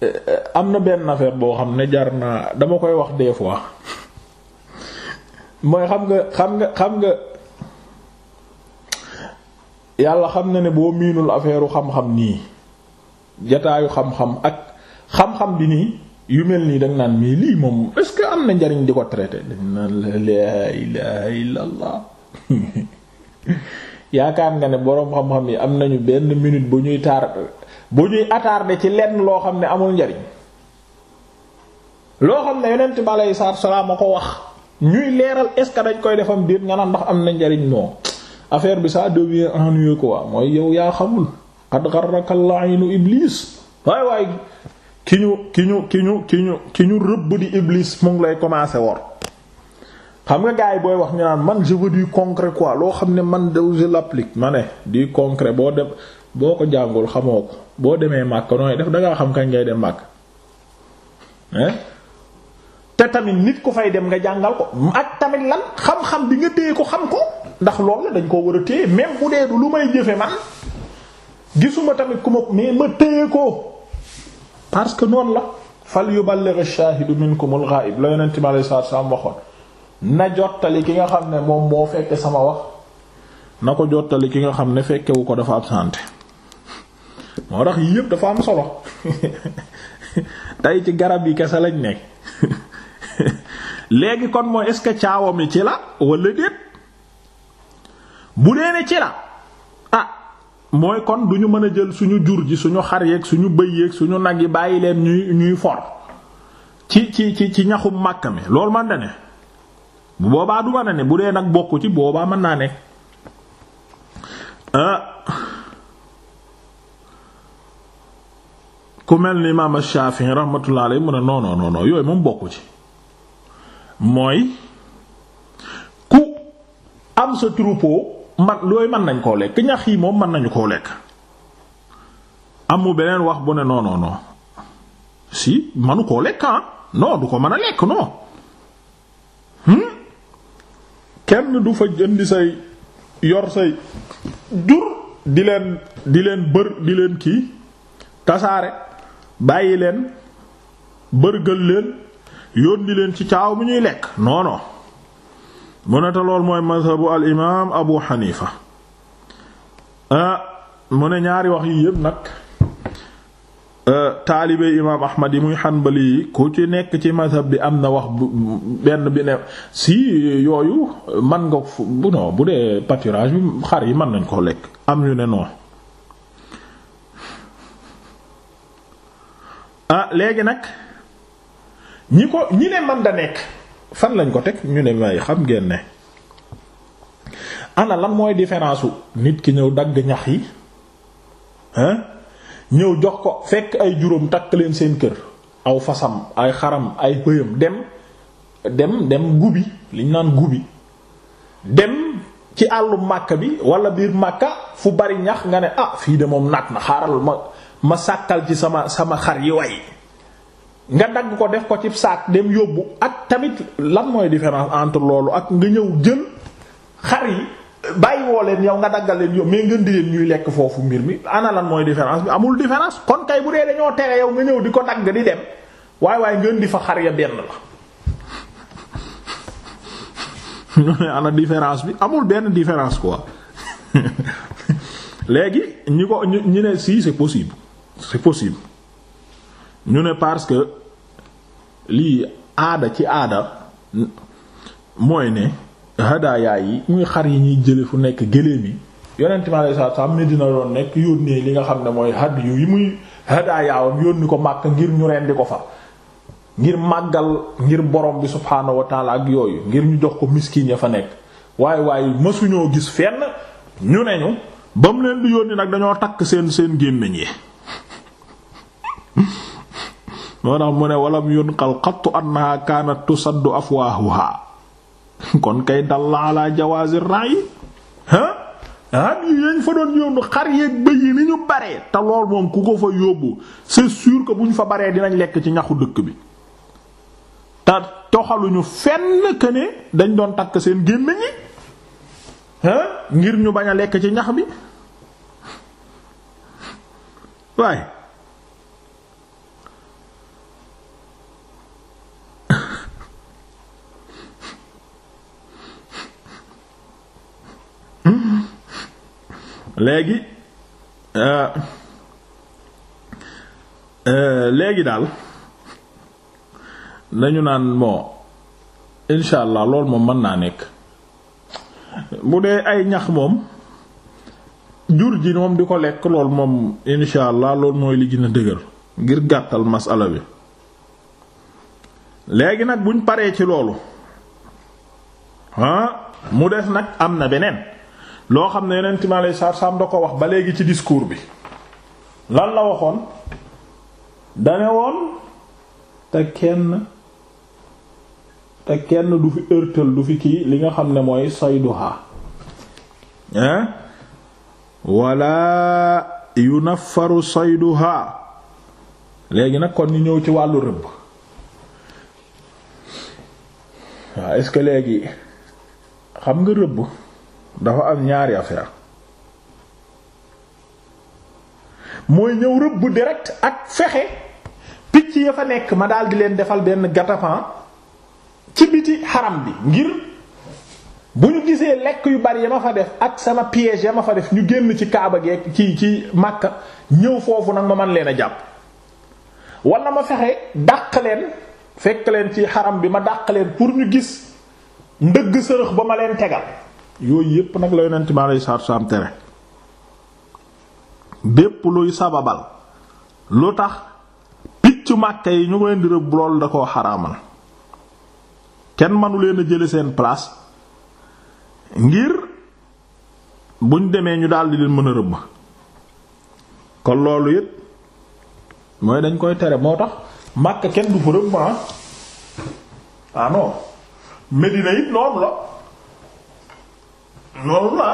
eh, eh, am na benn affaire boo xam ne jar naa dama koy wax des fois mooy xam nga xam nga xam nga yàlla xam na ne boo miinul affaire xam-xam nii jataayu xam-xam ak xam-xam bi nii yu mel nii danga naan mii lii moom est-ce que am na njariñ di ko traité dañ naan la ilaha illallah yaakaar nga ne boroom xam-xam yi am nañu benn minute bu ñuy taar bu ñuy attardé ci lenn loo xam ne amul njariñ loo xam ne yonent bi aleyhi salaam a ko wax ñuy leeral est ce que dañ koy defam biir nga naan ndax am na njariñ non affaire bi saa ça devient ennuyeux quoi mooy yow yaa xamul qad rakkal al-la'inu iblis waay waay ki ñu ki ñu ki ñu ki ñu ki ñu rëbb di iblis mu ngi lay commencer wor xam nga gars booy wax ñu naan man je veux du concret quoi loo xam ne man de je l'applique ma ne du concret boo dem boo ko jàngul xamoo ko boo demee màkk yi def dangaa xam kañ ngay dem màkk te tamit nit ku fay dem nga jàngal ko ak tamit lan xam-xam bi nga téye ko xam ko ndax loolu la dañ koo war a téye même bu du lu may jëfe man gisuma tamit ku ma mais ma téye ko parce que noonu la fal yuballigh ash-shahidu minkum al-ghaib la yonent mi alayhi saa salaam waxoon na jottali ki nga xam ne moom moo fekke sama wax na ko jottali ki nga xam ne fekkewu ko dafa absenté moo tax yii yépp dafa am solo tey ci garab yi kese lañ nekk léegi kon mooy est-ce que caawa ci la wala déet bu dee ne ci la ah mooy kon du ñu mën a jël suñu jur ji suñu xar yeeg suñu bëy yeeg suñu nag yi bàyyi leen ñuy ñuy for ci ci ci ci ñaxum màkk mi loolu man da ne bu boobaa du mën a ne bu dee nag bokku ci boobaa mën naa ne ah. ku mel ni imaam Shaafi'i rahmatullahi alayhi mu a non non non yooyu moom bokku ci. mooy ku am sa troupeau man looy mën nañ koo lekk ñax yi moom mën nañu koo lekk amu beneen wax bu ne noonoonoo si manu koo lekk ah non du ko mën a lekk non hmm kenn du fa jëndi say yor say jur di leen di leen bër di leen kii tasaare bàyyi leen bërgël leen yónni leen ci caaw bu ñuy lekk non non mu ne lool mooy mazhabu al imaam Abu Hanifa ah, mu ne ñaari wax yi yëpp nag ah, taalibe imaam Ahmad yi muy xanbali yi ku ci nekk ci mazhab bi am na wax benn bi ne si yooyu man nga bu non bu dee pâturage bi xar yi mën nañ koo lekk am yu ne non ah léegi nag. ñi ko ñi ne man da nekk fan lañ ko teg ñu ne may xam ngeen ne ana lan mooy différence su nit ki ñëw dagg ñax yi hein ñëw jox ko fekk ay juróom takk leen seen kër aw fasam ay xaram ay bëyam dem dem dem gubi liñ naan gubi dem ci àllu màkk bi wala biir màkka fu bari ñax nga ne ah fii de moom naat na xaaral ma ma sàkkal ci sama sama xar yi way nga dagg ko def ko ci saak dem yóbbu ak tamit lan mooy différence entre loolu ak nga ñëw jël xar yi bàyyi woo leen yow nga daggal leen yow mais ngeen di leen ñuy lekk foofu mbir mi ana lan mooy différence bi amul différence kon bu dee dañoo tere yow nga ñëw di ko dagg di dem waaye waaye ngeen di fa xar ya benn la. ñu ana différence bi amul benn différence léegi ñi ko ñu ne si c'est possible c'est possible. ñu ne parce que lii aada ci aada mooy ne hadaya yi ñuy xar yi ñuy jële fu nekk gëléem yi yonent mi alayhi salaatu salaam Medina doon nekk yónnee li nga xam ne mooy had yu yi muy hadaayaawam yónni ko Makka ngir ñu rendi ko fa ngir màggal ngir borom bi subhaanahu wa ak yooyu ngir ñu jox ko miskin ya fa nekk waaye waaye mësuñoo gis fenn ñu ne ñu ba mu leen di yónni nag dañoo takk seen seen gémmiñ yi moo tax mu ne walam yunqal xattu annaha kaanat tusaddu afwaahuha kon kay dalla ala jawaazir ra'i ha ah yi yañ fa doon yóbbu xar yeeg bëy yi ni ñu baree te lool moom ku ko fa yóbbu c'est sûr que bu ñu fa baree dinañ lekk ci ñaxu dëkk bi te toxaluñu fenn que ne dañ doon takk seen gémmiñ yi ngir ñu bañ a lekk ci ñax bi waaye léegi euh, euh, léegi daal dañu naan moo incha allah loolu moom mën naa nekk mu dee ay ñax moom jur ji moom di ko lekk loolu moom incha allah mooy li gën a dëgër ngir gàttal masala bi léegi nag buñ paree ci loolu ah mu des nag am na beneen loo xam ne yeneen time alay saam da ko wax ba léegi ci discours bi lan la waxoon dane woon te kenn te kenn du fi ërtal du fi kii li nga xam ne mooy sayduha yu wala yunaffaru sayduha léegi nag kon ñu ñëw ci wàllu rëbb waaw est léegi xam nga rëbb dafa am ñaari affaire mooy ñëw rëbb direct ak fexe picc ya fa nekk ma daal di leen defal benn gatapan ci biti xaram bi ngir bu ñu gisee lekk yu bari ya ma fa def ak sama piège ya ma fa def ñu génn ci kaaba gi ci ci Makka ñëw foofu nag ma man leen a jàpp wala ma fexe dàq leen fekk leen ci xaram bi ma dàq leen pour ñu gis ndëgg sërëx ba ma leen tegal yooyu yépp nag la yonent bi alayhi salaatu salaam tere bépp luy sababal lu tax picc màkka yi ñu leen di rëbb lool da koo xaraamal kenn manu leen a jële seen place ngir buñ demee ñu daldi leen mën a rëbb kon loolu yépp mooy dañ koy tere moo tax màkka kenn du fa rëbb ah. ah non Medina it noonu la noonu la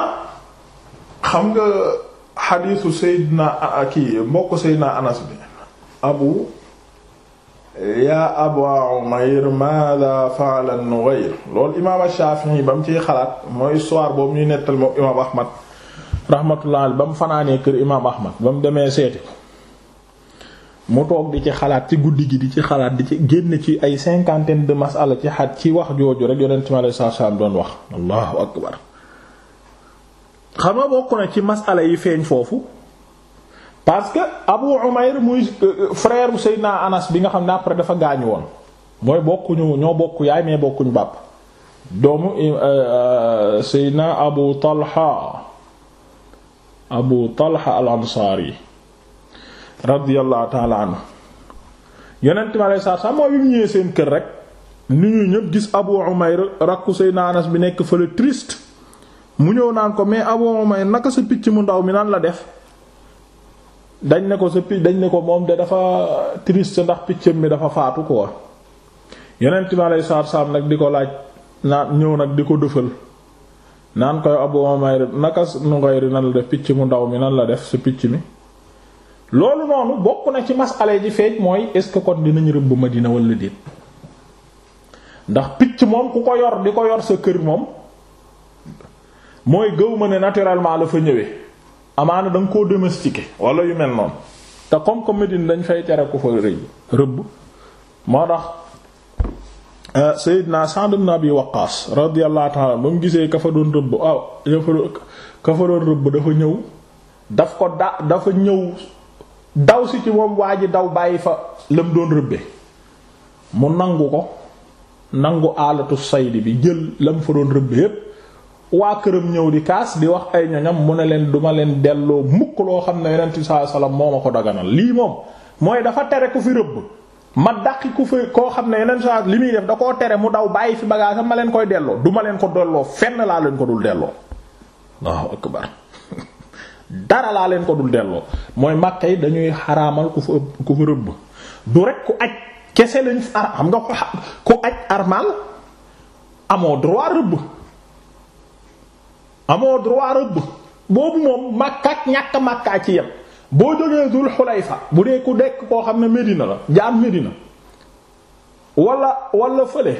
xam nga xadiisu Seydina kii mbokk Seydina Anas bi abu yaa aba umayr maada fa'ala nughayr loolu imaam nii ba mu ciy xalaat mooy histoire boobu ñuy nettal moom imaam Ahmad rahmatullah ba mu fanaanee kër imaam Ahmad ba mu demee seeti ko mu toog di ci xalaat ci guddi gi di ci xalaat di ci génn ci ay cinquantaine de masala ci xat ci wax jooju rek yonent mi sallallahu alayhi wa doon wax allahu akbar xam nga bokk na ci mas masala yi feeñ foofu parce que Abu Umayr muy euh, euh, frère Seydina Anas bi nga xam ne après dafa gaañu woon mooy bokkuñu ñoo bokk yaay mais bokkuñu bàpp doomu euh, Seydina Abu Talha Abu Talha al yi radiyallahu ta'ala anhu yonent mi alayhi salaam mooy bi mu ñëwee seen kër rek ni ñuy ñëpp gis Abu Umayr rakku Seydina Anas bi nekk fële triste mu ñëw naan ko mais Abu Umayr naka sa picc mu ndaw mi nan la def dañ ne ko sa picc dañ ne ko moom de dafa triste ndax piccam mi dafa faatu quoi yonent mi alayhi salaatu salaam nag di ko laaj naan ñëw nag di ko dëfal naan koy Abu Umayr naka nu ngoy nan la picc mu ndaw mi nan la def sa picc mi loolu noonu bokk na ci masale ji feej mooy est-ce que kon dinañ rëbb Madina wala déet ndax picc moom ku ko yor di ko yor sa kër moom mooy gëw ma ne naturellement la fa ñëwee amaana da nga koo domestiqué wala yu mel noonu te comme que Médine dañ fay tere ko fa rëy rëbb moo tax euh, Seydina Sa'd ibn Abi Waqqas radiyallahu ta'ala ba mu gisee ka fa doon rëbb aw ka fa doon rëbb dafa ñëw daf ko da dafa ñëw daw si ci moom waa ji daw bàyyi fa la mu doon rëbbe mu nangu ko nangu alatu saydi bi jël la mu fa doon rëbbe yépp waa këram ñëw di kaas di wax ay ñoñam mu ne leen duma leen delloo mukk loo xam ne yonent bi sallallahu alayhi wasallam moo ma ko daganal lii moom mooy dafa tere ku fi rëbb ma dàqi ku fi koo xam ne yonent sa li muy def da koo tere mu daw bàyyi fi bagage ma leen koy delloo duma leen ko delloo fenn laa leen ko dul delloo Allahu leen ko dul delloo mooy màkka yi dañuy xaraamal ku fa ku fa rëbb du rek ku aj kese lañ ar xam amoo droit rëbb amoo droit rëbb boobu moom makkaak ñàkk makkaa ci yem boo jógee Dul Xulayfa bu dee ku dekk koo xam ne Medina la jaam Medina wala wala fële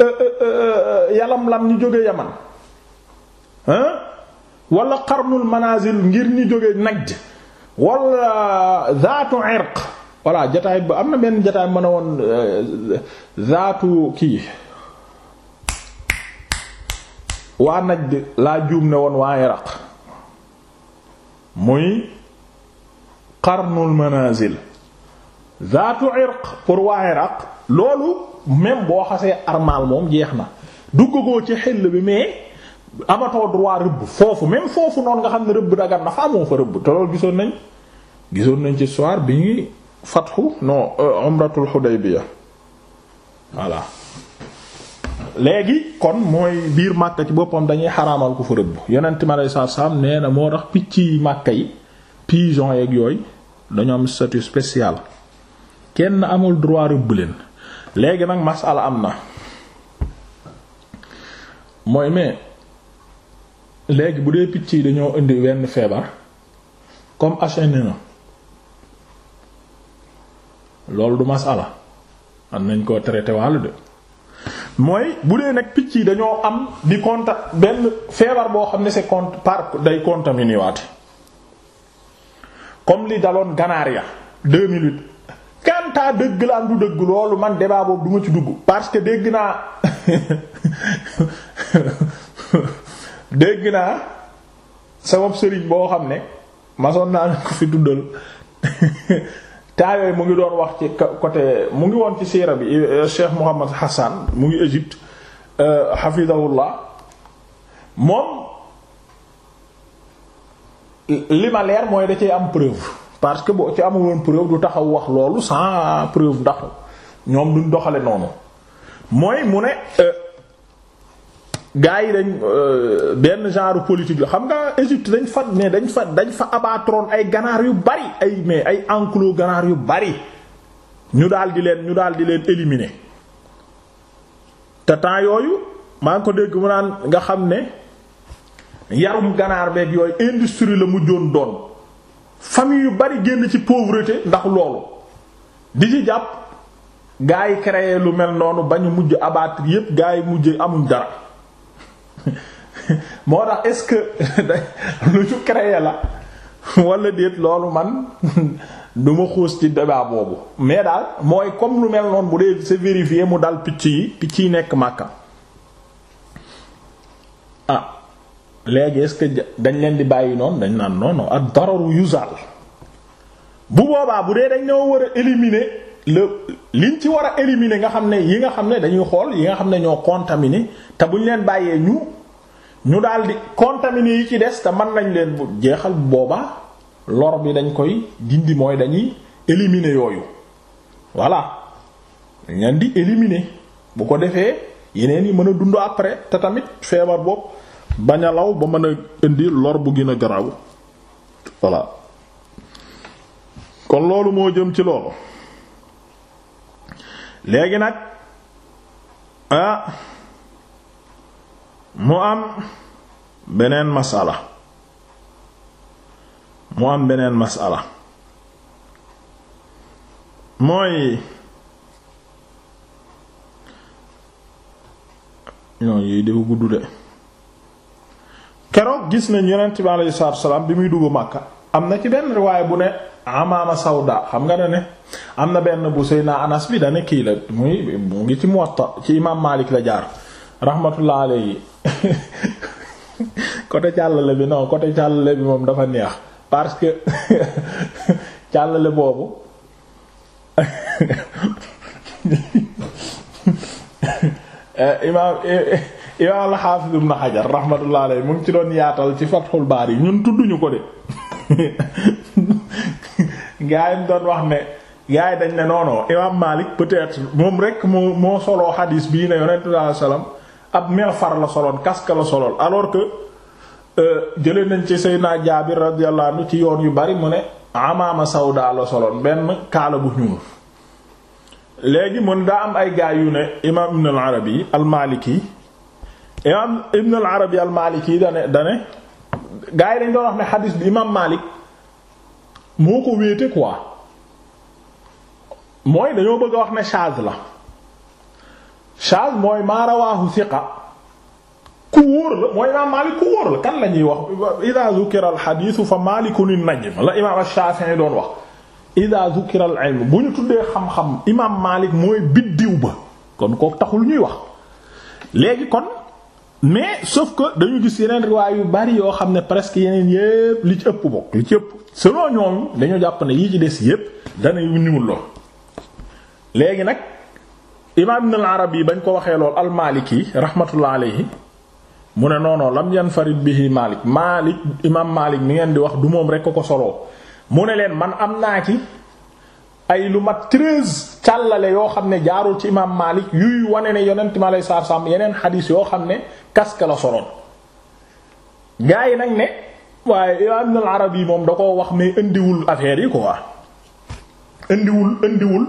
euh, euh, euh, yalam-lam ñu jóge Yaman hein wala Qarnul Manazil ngir ñu jóge Najd wala zaatu irq voilà jataay ba am na benn jataay mën a woon zaatu kii waa Najd laa juum ne woon waa Iraq muy qarnul manazil zaatu irq pour waa Iraq loolu même boo xasee armal moom jeex na koo ci xel bi mais amatoo droit rëbb foofu même foofu noonu nga xam ne rëbb dagan na fa amoo fa rëbb te loolu gisoon nañ gisoon nañ ci soir bi ñuy fatxu non euh, umratul Hudaybiya voilà léegi kon mooy biir màkk ci boppam dañuy xaraamal ko fa rëbb yonent mi alayhi salaatu salaam nee moo tax picc yi màkk yi pigeon yeeg yooyu dañoo am statut spécial kenn amul droit rëbb leen léegi nag masala am na mooy mais léegi bu dee picc yi dañoo indi wenn feebar comme H1N1 loolu du masala am nañ koo traité wàll de mooy bu dee nag picc yi dañoo am di conta benn feebar boo xam ne c'est compte par day contaminé waate comme li daloon ganaar ya 2008 kantaa dëgg la du dëgg loolu man débat boobu du ci dugg parce que dégg naa dégg naa sama sëriñ boo xam ne masoon naa ko fi tuddal taayooy mu ngi doon wax ci côté mu ngi woon ci siira bi eh, Cheikh Mouhamad Hassan mu ngi Égypte eh, hafidahullah moom li ma leer mooy da cee am preuve parce que boo ci amuloon preuve du taxaw wax loolu sans preuve ndax ñoom duñ doxale noonu mooy mu ne eh, gaa yi dañ euh, benn genre politique la xam nga Égypte dañ fa mais dañ fa dañ fa abatroon ay ganaar yu bari ay mais ay enclos ganaar yu bari ñu daal di leen ñu daal di leen éliminer te temps yooyu maa ngi ko dégg mu naan nga xam ne yarum ganaar beeg yooyu industrie la mujjoon doon famille yu bari génn ci pauvreté ndax loolu di ci jàpp gaa yi créé lu mel noonu ba ñu mujj abattre yépp gaa yi mujj amuñ dara. moo tax est-ce que lu ñu créé la walla déet loolu man du ma xuus ci débat boobu mais daal mooy comme lu mel noon bu dee c'est mu daal picc yi picc yi nekk Makka ah léegi est-ce que dañ leen di bàyyi noon dañ naan non non ad dararu yuzal bu boobaa bu dee dañ ñoo war a éliminer li liñ ci war a éliminer nga xam ne yi nga xam ne dañuy xool yi nga xam ne ñoo contaminé te bu buñ leen bàyyee ñu ñu daal di contaminé yi ci des te man nañ leen bu jeexal boobaa lor bi dañ koy dindi mooy dañuy éliminer yooyu voilà dañ leen di éliminer bu ko defee yeneen yi mën a dund après te tamit feebar boobu bañ law ba mën a indi lor bu gën a garaaw voilà kon loolu moo jëm ci loolu. léegi nag ah mu am beneen masala mu am beneen masala mooy non yooyu dafa gudd de keroog gis nañ yonent bi alayhi salaatu wa bi muy dugg Makka am na ci benn riwaay bu ne amaama sawda xam nga ne am na benn bu Seyna Anas bi dana kii la muy mu ngi ci Muwatta ci imaam Maalik la jaar rahmatullah alayhi côté jàllale bi non côté jàllale bi moom dafa neex parce que jàllale boobu imaam imaam al-Hafiz Ibn Hajar rahmatullah alayhi mu ngi ci doon yaatal ci Fathul yi ñun tudduñu ko de gaa yi doon wax ne gaa yi dañ ne non non imaam Malik peut moom rek moo moo soloo xadiis bii ne yonent sallallahu alayhi wasallam ab mighfar la soloon casque la soloon alors que euh, jëlee nañ ci Seydina Jaabir radiyallahu anhu ci yoon yu bari mu ne amaama sawda la soloon benn kaala bu ñuul léegi mun daa am ay gaay yu ne imaam Ibn al-Arabi al-Maliki imaam Ibn al-Arabi al-Maliki dane dane gars yi dañ doon wax ne xadiis bi imaam Maalik moo ko wéete quoi mooy dañoo bëgg a wax ne shaaz la shaaz mooy maa rawaahu siqa ku wóor la mooy imaam Maalik ku wóor la kan la ñuy wax ida zukira al xadiisu fa Maalikun an-Najm la imaam ñu tuddee xam-xam imaam Maalik mooy ba kon kooku taxul ñuy wax léegi kon mais sauf que dañu gis yeneen riwaay yu bari yoo xam ne presque yeneen yépp li ci ëpp bokk li ci ëpp selon ñoom dañoo jàpp ne yii ci des yépp danay niwul lool léegi nag imaam ibn arab yi bañ ko waxee lool al maliki rahmatullah alayhi mu ne noonoo lam yanfarid bihi malik malik imaam malik mi ngeen di wax du moom rekk ko ko soloo mu ne leen man am naa ci ay lu mat treize càllale yoo xam ne jaarul ci imaam Maalik yuy wane ne yonent ma lay saaf saam yeneen xadiis yoo xam ne kaska la soloon gaa yi nag ne waaye Ibn al Arabi moom da koo wax mais indiwul affaire yi quoi indiwul indiwul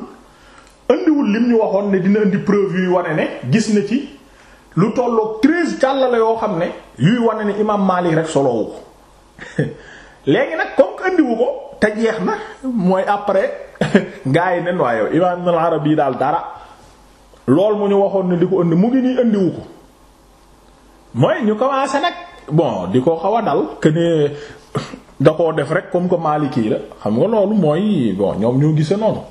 indiwul lim ñu waxoon ne dina indi preuve yuy wane ne gis na ci lu tolloog treize càllale yoo xam ne yuy wane ne imaam Maalik rek soloowu léegi nag comme indiwu ko. te jeex na mooy après ngaa yi ne waaye yow Imaam Ibn al-Arabi yi daal dara lool mu ñu waxoon ne di ko indi mu ngi nii indiwu ko mooy ñu commencé nag bon di ko xaw dal que ne da koo def rek comme que Maliki la xam nga loolu mooy bon ñoom ñoo gisee noonu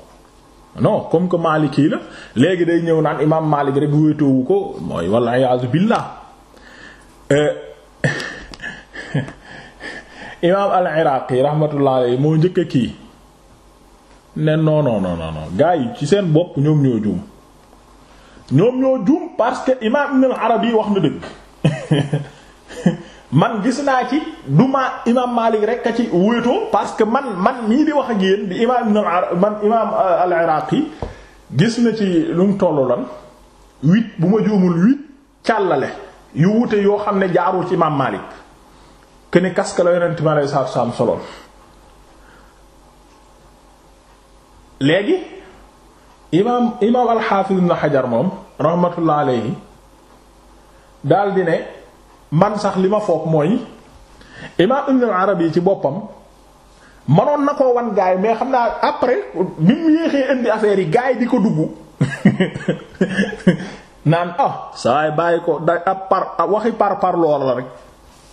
non comme que Maliki la léegi day ñëw naan Imaam Malik rek wéetoowu ko mooy walla iyaazu billah euh, imaam al-Iraqi rahmatullah alayhi moo njëkk a kii ne non gaa yi ci seen bopp ñoom ñoo juum ñoom ñoo juum parce que imaam Ibn arabi wax na dëgg man gis naa ci du imaam Maalik rek a ci wéetoo parce que man man mii di wax a yéen di imaam Ibn al man imaam al-Iraqi gis na ci lu mu tollu lan huit bu ma juumul huit càllale yu wute yoo xam ne jaarul ci imaam Maalik. que ne casque la yonent mi aleyhi salaatu salaam soloon léegi imaam imaam alxaafiz ibn xajar moom rahmatullah aleyhi daal di ne man sax li ma foog mooy imaam ibn al arabi ci boppam manoon na koo wan gaay mais xam naa après bi mu yéexee indi affaire yi gaay di ko dugg naan ah saa yi bàyyi ko day ab par waxi par par loola la rek.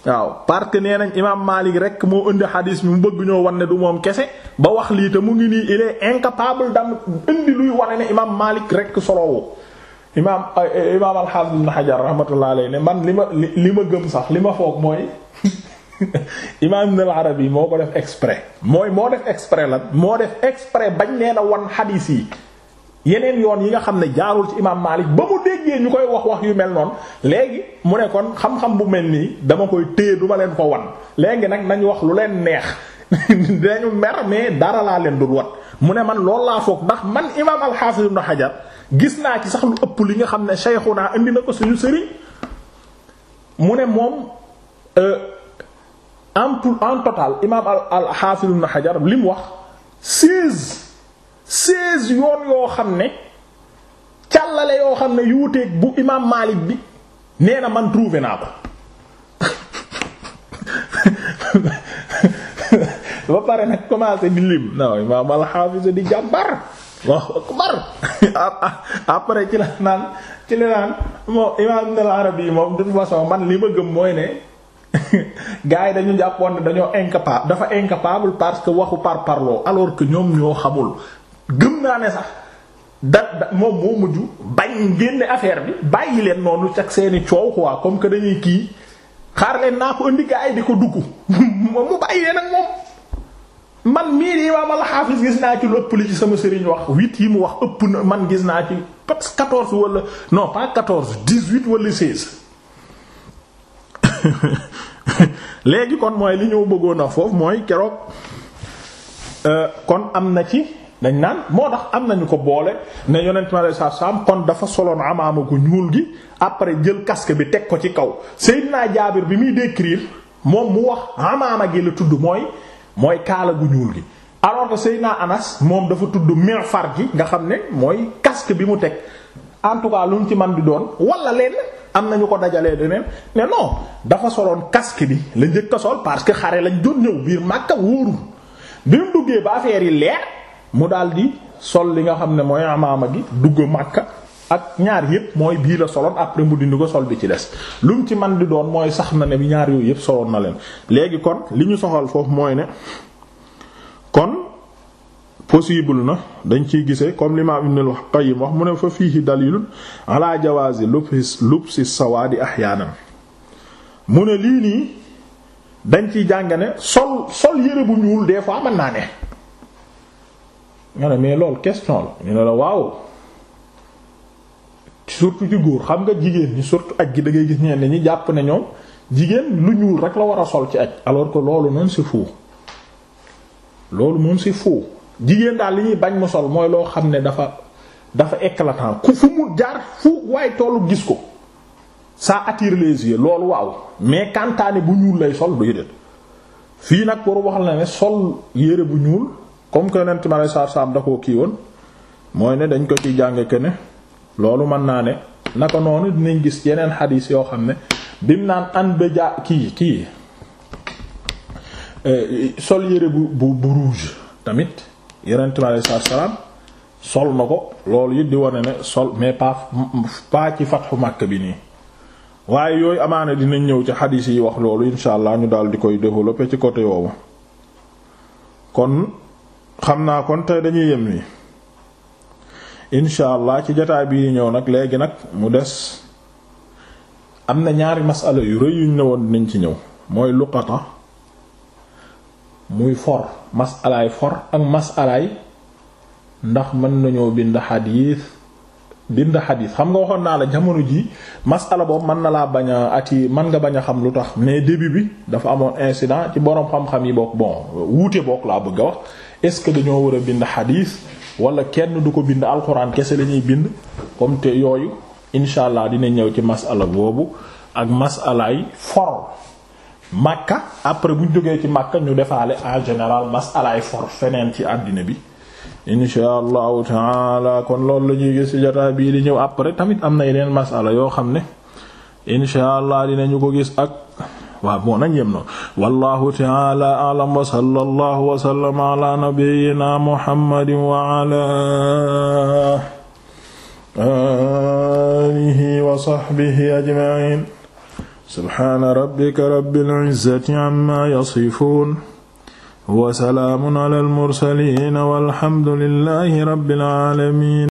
waaw parce que nee nañ imaam Malik rek moo indi xadiis bi mu bëgg ñoo wan ne du moom kese ba wax lii te mu ngi nii il est incapable dam indi luy wane ne imaam Malik rek solowoo imaam eh, imaam al-Hafiz ibn Hajar rahmatullah alayhi ne man li ma li ma gëm sax li ma foog mooy imaam na al-Arabi moo ko def exprès mooy moo def exprès lan moo def exprès bañ nee na wan xadiis yi yeneen yoon yi nga xam ne jaarul ci imaam Maalik ba mu déggee ñu koy wax wax yu mel noon léegi mu ne kon xam-xam bu mel nii dama koy téye duma leen ko wan léegi nag nañ wax lu leen neex dañu mer mais dara laa leen du wan mu ne man loolu laa foog ndax man imaam al-Hafiz Ibn gis naa ci sax lu ëpp li nga xam ne Shaykhuna indi na ko suñu sëriñ mu ne moom euh, en tout en total imaam al al-Hafiz Ibn li mu wax seize yoon yoo xam ne càllale yoo xam ne yuuteeg bu imaam Maalik bi nee man trouvé naa ko ba pare nag commencé di lim non imaam al-Hafiz di jàmbar waaw akbar après ci la naan ci la naan moom imaam Ibn al-Arabi moom de façon man li ma gëm mooy ne gars yi dañu jàpp ne dañoo incapable dafa incapable parce que waxu par parloo alors que ñoom ñoo xamul gëm naa ne sax da da moom moo mujj bañ génne affaire bi bàyyi leen noonu ak seeni coow quoi comme que dañuy kii xaar leen naa ko indi gaa yi di ko dugg moom mu bàyyi leen ak moom man mii di imaam al-Hafiz gis naa ci lu ëpp li ci sama sëriñ wax huit yi mu wax ëpp na man gis naa ci peut-être quatorze wala non pas quatorze dix-huit wala seize léegi kon mooy li ñu bëggoon a foofu mooy keroog euh, kon am na ci nañ naan moo tax am nañu ko boole ne yonent mi alayhi salaatu salaam kon dafa soloon amaamagu ñuul gi après jël casque bi teg ko ci kaw Seydina Jaabir bi muy décrire moom mu wax amaama gi la tudd mooy mooy kaala gu ñuul gi alors que naa Anas moom dafa tudd far gi nga xam ne mooy casque bi mu teg en tout cas lu mu ci man di doon wala leen am nañu ko dajalee deneen ne non dafa soloon casque bi la njëkk a sol parce que xare lañ doon ñëw biir Makka wóorul bi mu duggee ba affaire yi leer mu daldi sol li nga xam ne mooy amaama gi dugg màkk ak ñaar yépp mooy bii la soloon après mu dindi ko sol bi ci des lu ci man di doon mooy sax na ne bi ñaar yooyu yépp soloon na leen léegi kon li ñu soxal foofu mooy ne kon possible na dañ ciy gisee comme l'imam Ibn al-Qayyim wax mu ne fa fiihi dalilun ala jawaazi lubsi lubsi sawaadi ahyaanan mu ne lii nii dañ ciy jàngane ne sol sol yére bu ñuul des fois man naa ne nga ne mais loolu question la ñu ne la waaw surtout ci góor xam nga jigéen ñi surtout ak gi da ngay gis ñenn ñi jàpp ne ñoom jigéen lu ñuul rek la war a sol ci ak alors que loolu noonu si faux loolu moom c'est faux jigéen li ñuy bañ mu sol mooy loo xam ne dafa dafa éclatant ku fu mu jaar fu waaye tollu gis ko sa attire les loolu waaw mais kantaane bu ñuul lay sol du yëdéet fii nag pour wax la ne sol yére bu ñuul comme que yonent ma lay saar saam da koo kii woon mooy ne dañ ko ci jànge que ne loolu mën naa ne naka noonu dinañ gis yeneen xadiis yoo xam ne bim naan an ba ja kii kii eh, sol yére bu bu bu rouge tamit yeneen ma lay saar sol na ko loolu it di wane ne sol mais pas pas ci fatxu Makka bi nii. waaye yooyu amaana dinañ ñëw ci xadiis yi wax loolu insha allah ñu daal di koy développer ci côté woowu kon. xam naa kon tey dañuy yem ni incha ci jotaay bi ñëw nag léegi nag mu des am na ñaari masala yu rëy yuñ ñëwoon woon ci ñëw mooy luqata muy for masalaay for ak masalaay ndax mën nañoo bind xadiis bind xadiis xam nga waxoon naa la jamono ji masala boobu mën na laa bañ a ati mën nga bañ a xam lu tax mais début bi dafa amoon insident ci boroom xam-xam yi bokk bon wuute bokk laa bëgg a wax est-ce que dañoo war a bind xadiis wala kenn du ko bind alxuraan kese la ñuy bind comme te yooyu incha allah dina ñëw ci masala boobu ak masalaay for makka après bu ñu jógee ci makka ñu defaale en général masalaay for feneen ci àddina bi. incha allahu taala kon loolu la ñuy gis ci jotaay bii di ñëw après tamit am na yeneen masala yoo xam ne incha allah dinañu ko gis ak. waaw moo nañ yem noonu wallahu ta'ala a'lam wa sallallahu wa sallama ala nabiyyina muhammadin wa ala alihi wa sahbihi ajma'in subhana rabbika rabbil izzati amma yasifun wa salamun ala al mursalin walhamdulillahi rabbil alamin